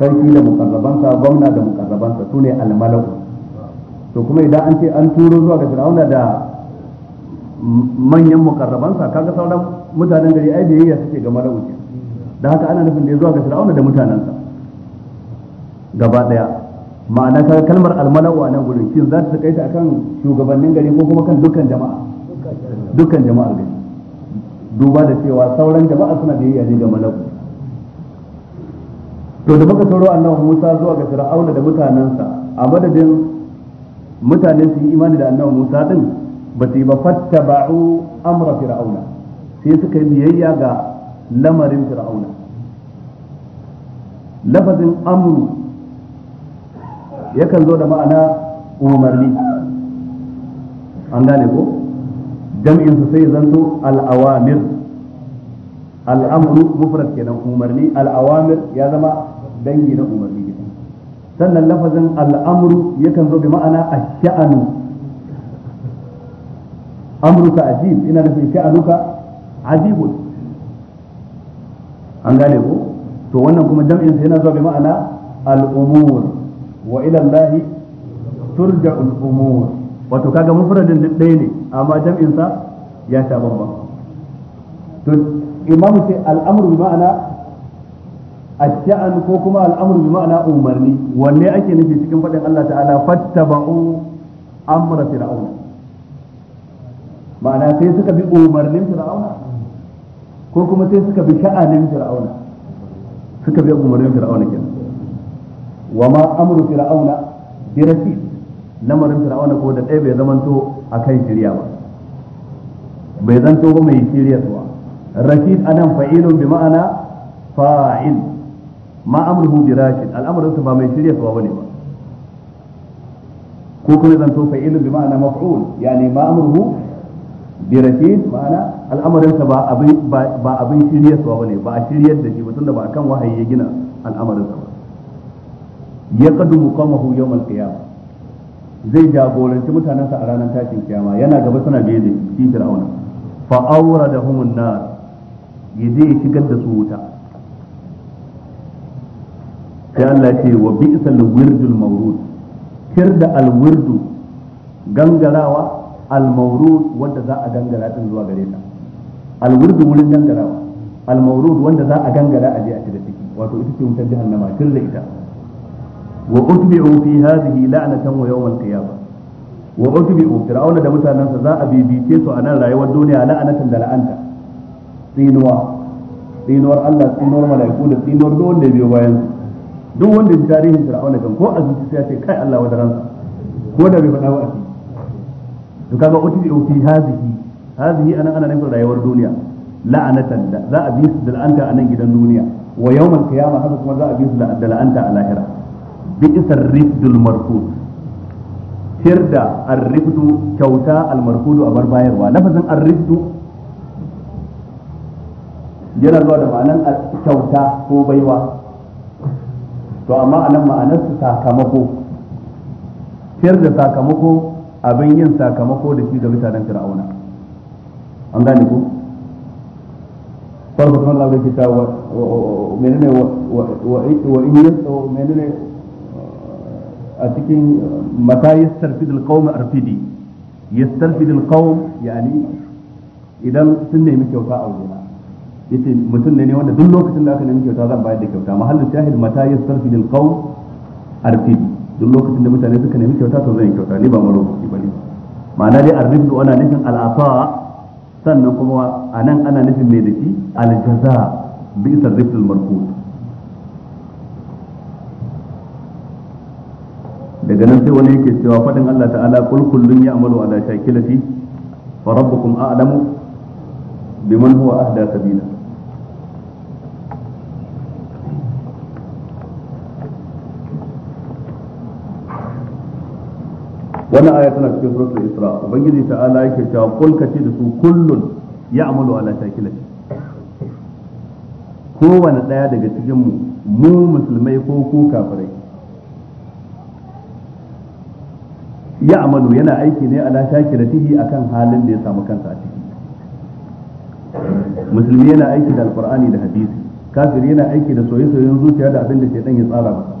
sarki da mukarrabansa gwamna da mukarrabansa sune almalaku to kuma idan an ce an turo zuwa ga fir'auna da manyan mukarrabansa kaga sauran mutanen gari ai biyayya suke ga mala'uki da haka ana nufin da ya zuwa ga fir'auna da mutanensa gaba daya ma'ana ka kalmar almalau a nan gurin shin za ta kaita akan shugabannin gari ko kuma kan dukkan jama'a dukkan jama'a gari duba da cewa sauran jama'a suna biyayya ne ga mala'u to da baka sauro annabi Musa zuwa ga fir'auna da mutanensa a madadin mutane su yi imani da annabi Musa din ba su yi ba fattaba'u amra fir'auna sai suka yi biyayya ga lamarin fir'auna lafazin amru yakan zo da ma'ana umarni an gane ko jam'in su sai zanto al'awamir al'amru mufrad kenan umarni al'awamir ya zama dangi na umarni sannan lafazin al'amru yakan zo da ma'ana ash-sha'anu Amurka ajib ina nufin sha'anuka ajibun an gane ko to wannan kuma jam'in sa yana zuwa bi ma'ana al-umur wa ila Allah turja al wato kaga mufradin duk ɗaya ne amma jam'in sa ya sha bamban to imamu sai al-amru bi ma'ana الشأن كوكما الأمر بمعنى أمرني واللي أكي نفي سكن فدن الله تعالى فاتبعوا أمر فرعون ma'ana sai suka bi umarnin fir'auna ko kuma sai suka bi sha'anin fir'auna suka bi umarnin fir'auna kenan wa ma amru fir'auna bi rasid lamarin fir'auna ko da ɗaya bai zamanto a akan shirya ba bai zanto ba mai shirya zuwa. rasid anan fa'ilun bi ma'ana fa'il ma amruhu bi rashid al'amarin ba mai shirya zuwa bane ba ko kuma zanto fa'ilun bi ma'ana maf'ul yani ma amruhu bi ma'ana al'amarinsa ba abin ba abin shiryarsa bane ba a shiryar da shi ba tunda ba kan wahayi ya gina al'amarinsa ba ya qadu muqamahu yawm al zai jagoranci mutanensa a ranar tashin kiyama yana gaba suna biye da shi fir'auna fa da humun nar ya je shigar da su wuta sai Allah ce wa bi'sal wirdul mawrud kir da alwirdu gangarawa al-mawrud wanda za a gangara din zuwa gare ta al-wurd wurin gangarawa al-mawrud wanda za a gangara a je a shiga ciki wato ita ce wutar jahannama tun da ita wa utbi'u fi hadhihi la'natan wa yawm al-qiyamah wa utbi'u fir'auna da mutanansa za a bibice su a nan rayuwar duniya la'anatan da la'anta tsinuwa tsinuwar Allah tsinuwar mala'iku da tsinuwar duk wanda ya biyo bayan duk wanda ya tarihin fir'auna kan ko a zuci sai ya ce kai Allah wa wadaransa ko da bai faɗa ba a to kaga utbi fi hazihi hazihi anan ana nufin rayuwar duniya la'anatan da za a bi su da la'anta a nan gidan duniya wa yawmal qiyamah haka kuma za a bi su da la'anta a lahira bi isar rifdul marfud tir da arrifdu kyauta al-marko almarfudu a bar bayarwa lafazin arrifdu yana zuwa da ma'anan kyauta ko baiwa to amma anan ma'anar su sakamako tir da sakamako abin yin sakamako da shi ga mutanen fir'auna an gane ko farko kuma Allah yake tawa menene wa in yasau menene a cikin mata yastarfid alqawm arfidi yastarfid alqawm yani idan sun nemi kyauta a wajen yace mutum ne wanda duk lokacin da aka nemi kyauta zan bayar da kyauta mahallin shahid mata yastarfid alqawm arfidi duk lokacin da mutane suka nemi kyauta to zan yi kyauta ni ba maro ba ma'ana dai arribdu ana nufin al'ata sannan kuma a nan ana nufin mai da aljaza bi isar rifdul marfud daga nan sai wani yake cewa faɗin Allah ta'ala kul kullun ya'malu ala shakilati fa rabbukum a'lamu biman huwa ahda sabila wannan aya tana cikin suratul isra ubangiji ta'ala yake cewa kul kace da su kullun ya'malu ala shakilati kowane daya daga cikin mu mu musulmai ko ku kafirai ya'malu yana aiki ne ala shakilatihi akan halin da ya samu kansa a ciki musulmi yana aiki da alqur'ani da hadisi kafiri yana aiki da soyayyen zuciya da abin da shaytan ya tsara masa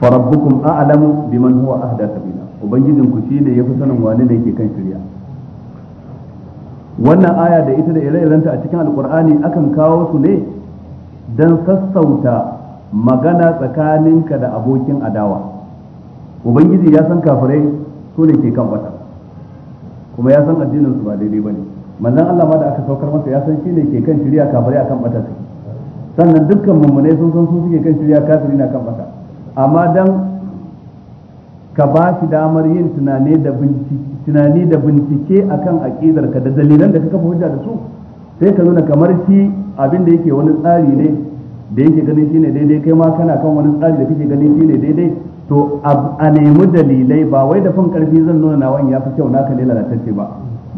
farabbukum a'lamu biman huwa ahda sabila ubangijin ku shine yafi sanin wani ne yake kan shirya wannan aya da ita da ire-irenta a cikin alkur'ani akan kawo su ne don sassauta magana tsakaninka da abokin adawa ubangiji ya san kafirai su ne ke kan wata kuma ya san addinin su ba daidai bane manzon Allah ma da aka saukar masa ya san shi ne ke kan shirya kafirai akan bata su sannan dukkan mummunai sun san su suke kan shirya kafiri na kan bata amma dan ka ba shi damar yin tunani da bincike tunani da bincike akan aqidar ka da dalilan da ka kafa hujja da su sai ka nuna kamar shi abin da yake wani tsari ne da yake ganin ne daidai kai ma kana kan wani tsari da kake ganin ne daidai to a nemi dalilai ba wai da fin karfi zan nuna nawan ya fi kyau naka ne lalatacce ba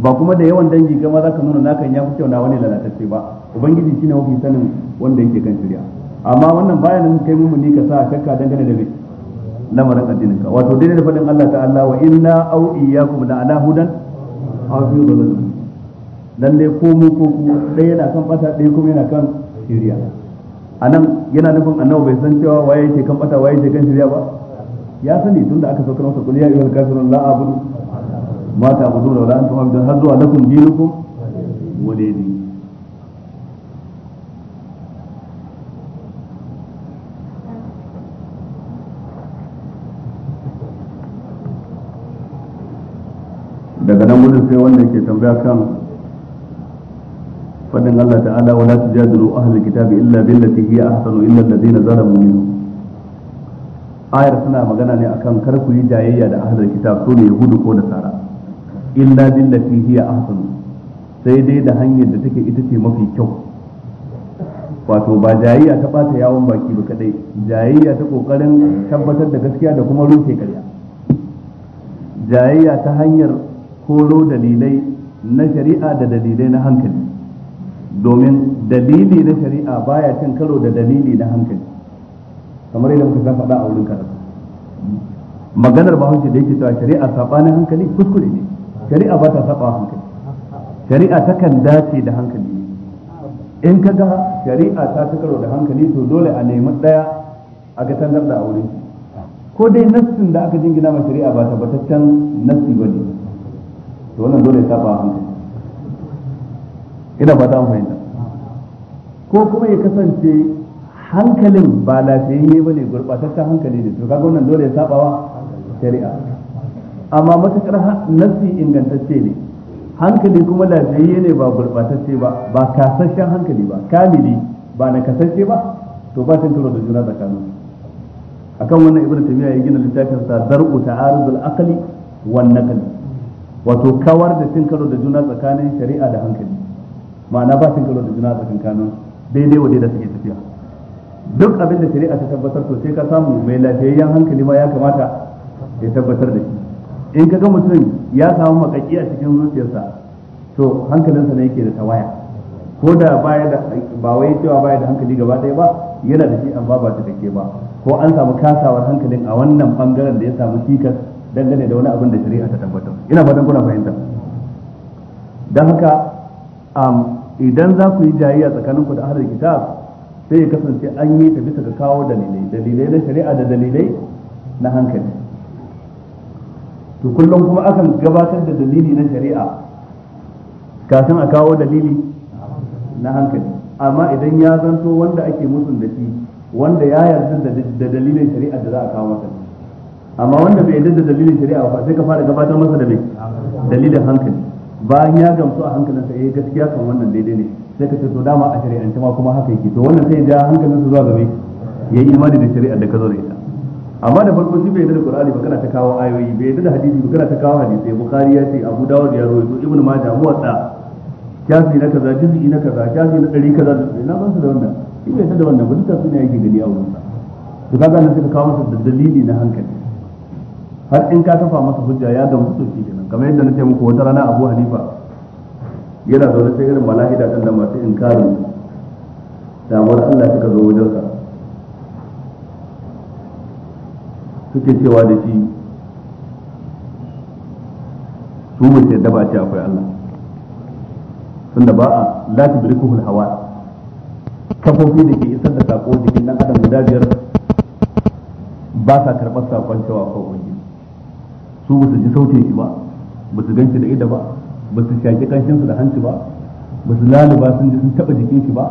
ba kuma da yawan dangi kai ma zaka nuna naka ya fi kyau nawa ne lalatacce ba ubangiji shine mafi sanin wanda yake kan shirya amma wannan nan kai mumuni ka sa shakka dangane da lamarin addinin ka wato dai da fadin Allah ta'ala wa inna aw iyyakum la ala hudan hafizu lakum lalle ko mu ko ku dai yana kan bata dai kuma yana kan shiriya anan yana nufin annabi bai san cewa waye yake kan bata waye yake kan shiriya ba ya sani tunda aka saukar masa kulliya ayyuhal kafirun la a'budu ma ta'buduna wala antum abidun hazu lakum dinukum waliyadi daga nan gudun sai wanda yake tambaya kan fadin Allah ta'ala wala tujadilu ahli kitabi illa billati hiya ahsanu illa alladhina zalamu minhum ayar suna magana ne akan kar ku yi jayayya da ahli kitab to ne yahudu ko nasara illa billati hiya ahsanu sai dai da hanyar da take ita ce mafi kyau wato ba jayayya ta bata yawon baki ba kadai jayayya ta kokarin tabbatar da gaskiya da kuma rufe karya jayayya ta hanyar koro dalilai na shari'a da dalilai na hankali domin dalili na shari'a baya cin karo da dalili na hankali kamar yadda muka san faɗa a wurin karatu maganar bahaushe da yake cewa shari'a sabanin hankali kuskure ne shari'a ba ta saba hankali shari'a ta kan dace da hankali in ka ga shari'a ta ci karo da hankali to dole a nemi ɗaya a ga tangarda a wurin ko dai nassin da aka jingina ma shari'a ba tabbataccen nassi ba ne to wannan dole ta ba hankali ina fata an fahimta ko kuma ya kasance hankalin ba lafiyayye ba ne gurɓataccen hankali ne to kaga wannan dole ya wa? shari'a amma matakar nafsi ingantacce ne hankali kuma lafiyayye ne ba gurɓatacce ba ba kasashen hankali ba kamili ba na kasashe ba to ba cin karo da juna tsakanin akan wannan ibnu tamiya ya gina littafin sa dar'u ta'arudul aqli wan naqli wato kawar da cin karo da juna tsakanin shari'a da hankali ma'ana ba cin karo da juna tsakankanin daidai wa da suke tafiya duk abin da shari'a ta tabbatar to sai ka samu mai lafiyayyen hankali ma ya kamata ya tabbatar da shi in ka ga mutum ya samu makaki a cikin zuciyarsa to hankalinsa ne yake da tawaya ko da baya da ba wai cewa baya da hankali gaba ɗaya ba yana da shi amma ba ta ba ko an samu kasawar hankalin a wannan bangaren da ya samu cikas dangane da wani abin da shari'a ta tabbatar ina fatan kuna fahimta don haka idan za ku yi jayayya tsakaninku da ahlul kitab sai ya kasance an yi ta bisa ga kawo dalilai dalilai na shari'a da dalilai na hankali to kullum kuma akan gabatar da dalili na shari'a kafin a kawo dalili na hankali amma idan ya zanto wanda ake musun da shi wanda ya yarda da dalilin shari'a da za a kawo masa amma wanda bai yadda da dalilin shari'a ba sai ka fara gabatar masa da mai dalilin hankali bayan ya gamsu a hankalin sa eh gaskiya kan wannan daidai ne sai ka ce to dama a shari'ance ma kuma haka yake to wannan sai ya hankalin su zuwa ga mai yayi imani da shari'a da ka zo da ita amma da farko shi bai yadda da Qur'ani ba kana ta kawo ayoyi bai yadda da hadisi ba kana ta kawo hadisi Bukhari ya ce Abu Dawud ya rawaito Ibn Majah muwatta kyafi na kaza juz'i na kaza kyafi na dari kaza da na ban su da wannan shi bai yadda da wannan ba duk tafi ne yake gani a wurin sa to kaga nan sai ka kawo masa da dalili na hankali har in ka kafa masa hujja ya gamsu shi kenan kamar yadda na ce muku wata rana Abu Hanifa yana zaune sai irin mala'ida din da masu inkarin damar Allah suka zo sa suke cewa da shi su mu ce daba ce akwai Allah da ba a la tudrikuhul hawa kafofi da ke isar da sako jikin dan adam guda biyar ba sa karɓar sakon cewa ko su ba su ji sautin shi ba ba su ganci da ida ba ba su shaƙi kanshinsu da hanci ba ba su lalu ba sun ji sun taɓa jikin shi ba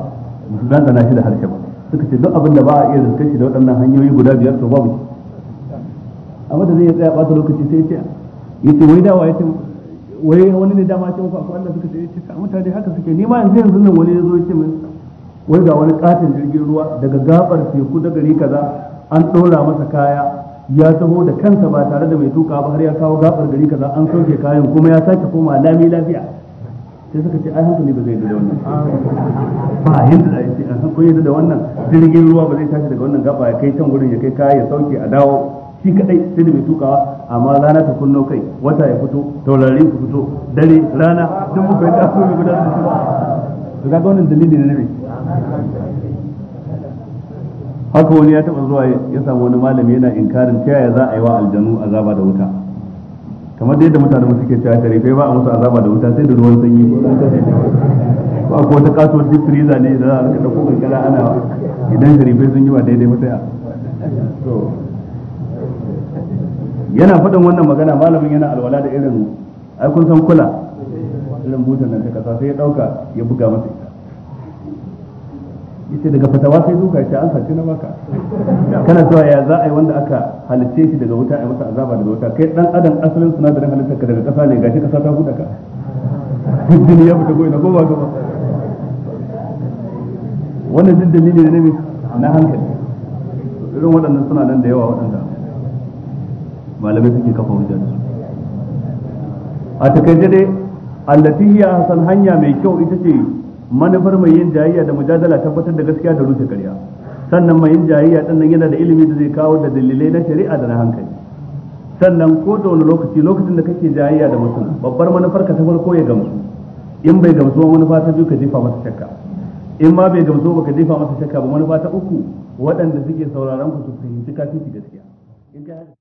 ba su zanzana shi da harshe ba suka ce duk abin da ba a iya rinka shi da waɗannan hanyoyi guda biyar to babu shi amma da zai iya tsaya ɓata lokaci sai ce ya ce wai dawa ya ce wai wani ne dama ce muku akwai Allah suka ce ya ce mutane haka suke ni ma yanzu yanzu nan wani ya zo ya ce min wai ga wani katin jirgin ruwa daga gabar teku da gari kaza an ɗora masa kaya ya taho da kansa ba tare da mai tuka ba har ya kawo gabar gari kaza an sauke kayan kuma ya sake koma lami lafiya sai suka ce ai hankali ba zai yi da wannan ba yadda da ce an san koyi da wannan jirgin ruwa ba zai tashi daga wannan gaba ya kai can gurin ya kai kaya ya sauke a dawo shi kadai sai da mai tukawa amma rana ta kunno kai wata ya fito taurari ku fito dare rana duk muka yi tasomi guda su ba wannan dalili ne ne haka wani ya taba zuwa ya samu wani malami yana inkarin ta yaya za a yi wa aljanu azaba da wuta kamar da yadda mutane mu suke cewa sharifai ba a musu azaba da wuta sai da ruwan sanyi ko akwai wata kasuwar duk freezer ne da za a rika dauko kankara ana idan sharifai sun yi ba daidai ba sai yana faɗin wannan magana malamin yana alwala da irin ai kun san kula irin butan nan ta kasa sai ya dauka ya buga masa yace daga fatawa sai duka yace an sace na baka kana cewa ya za a yi wanda aka halice shi daga wuta a masa azaba daga wuta kai dan adam asalin sinadarin halittar ka daga kasa ne gashi kasa ta huda ka jini ya fita goyi na goma goma wannan duk dalili ne ne na hankali irin waɗannan suna nan da yawa waɗanda malamai suke kafa hujja da su a takaice dai allati hiya hasan hanya mai kyau ita ce manufar mai yin jayayya da mujadala tabbatar da gaskiya da rufe karya sannan mai yin jayayya din nan yana da ilimi da zai kawo da dalilai na shari'a da na hankali sannan ko da wani lokaci lokacin da kake jayayya da mutum babbar manufar ka ta farko ya gamsu in bai gamsu ba manufa ta biyu ka jefa masa shakka in ma bai gamsu ba ka jefa masa shakka ba manufa ta uku waɗanda suke sauraron ku su fahimci kafin gaskiya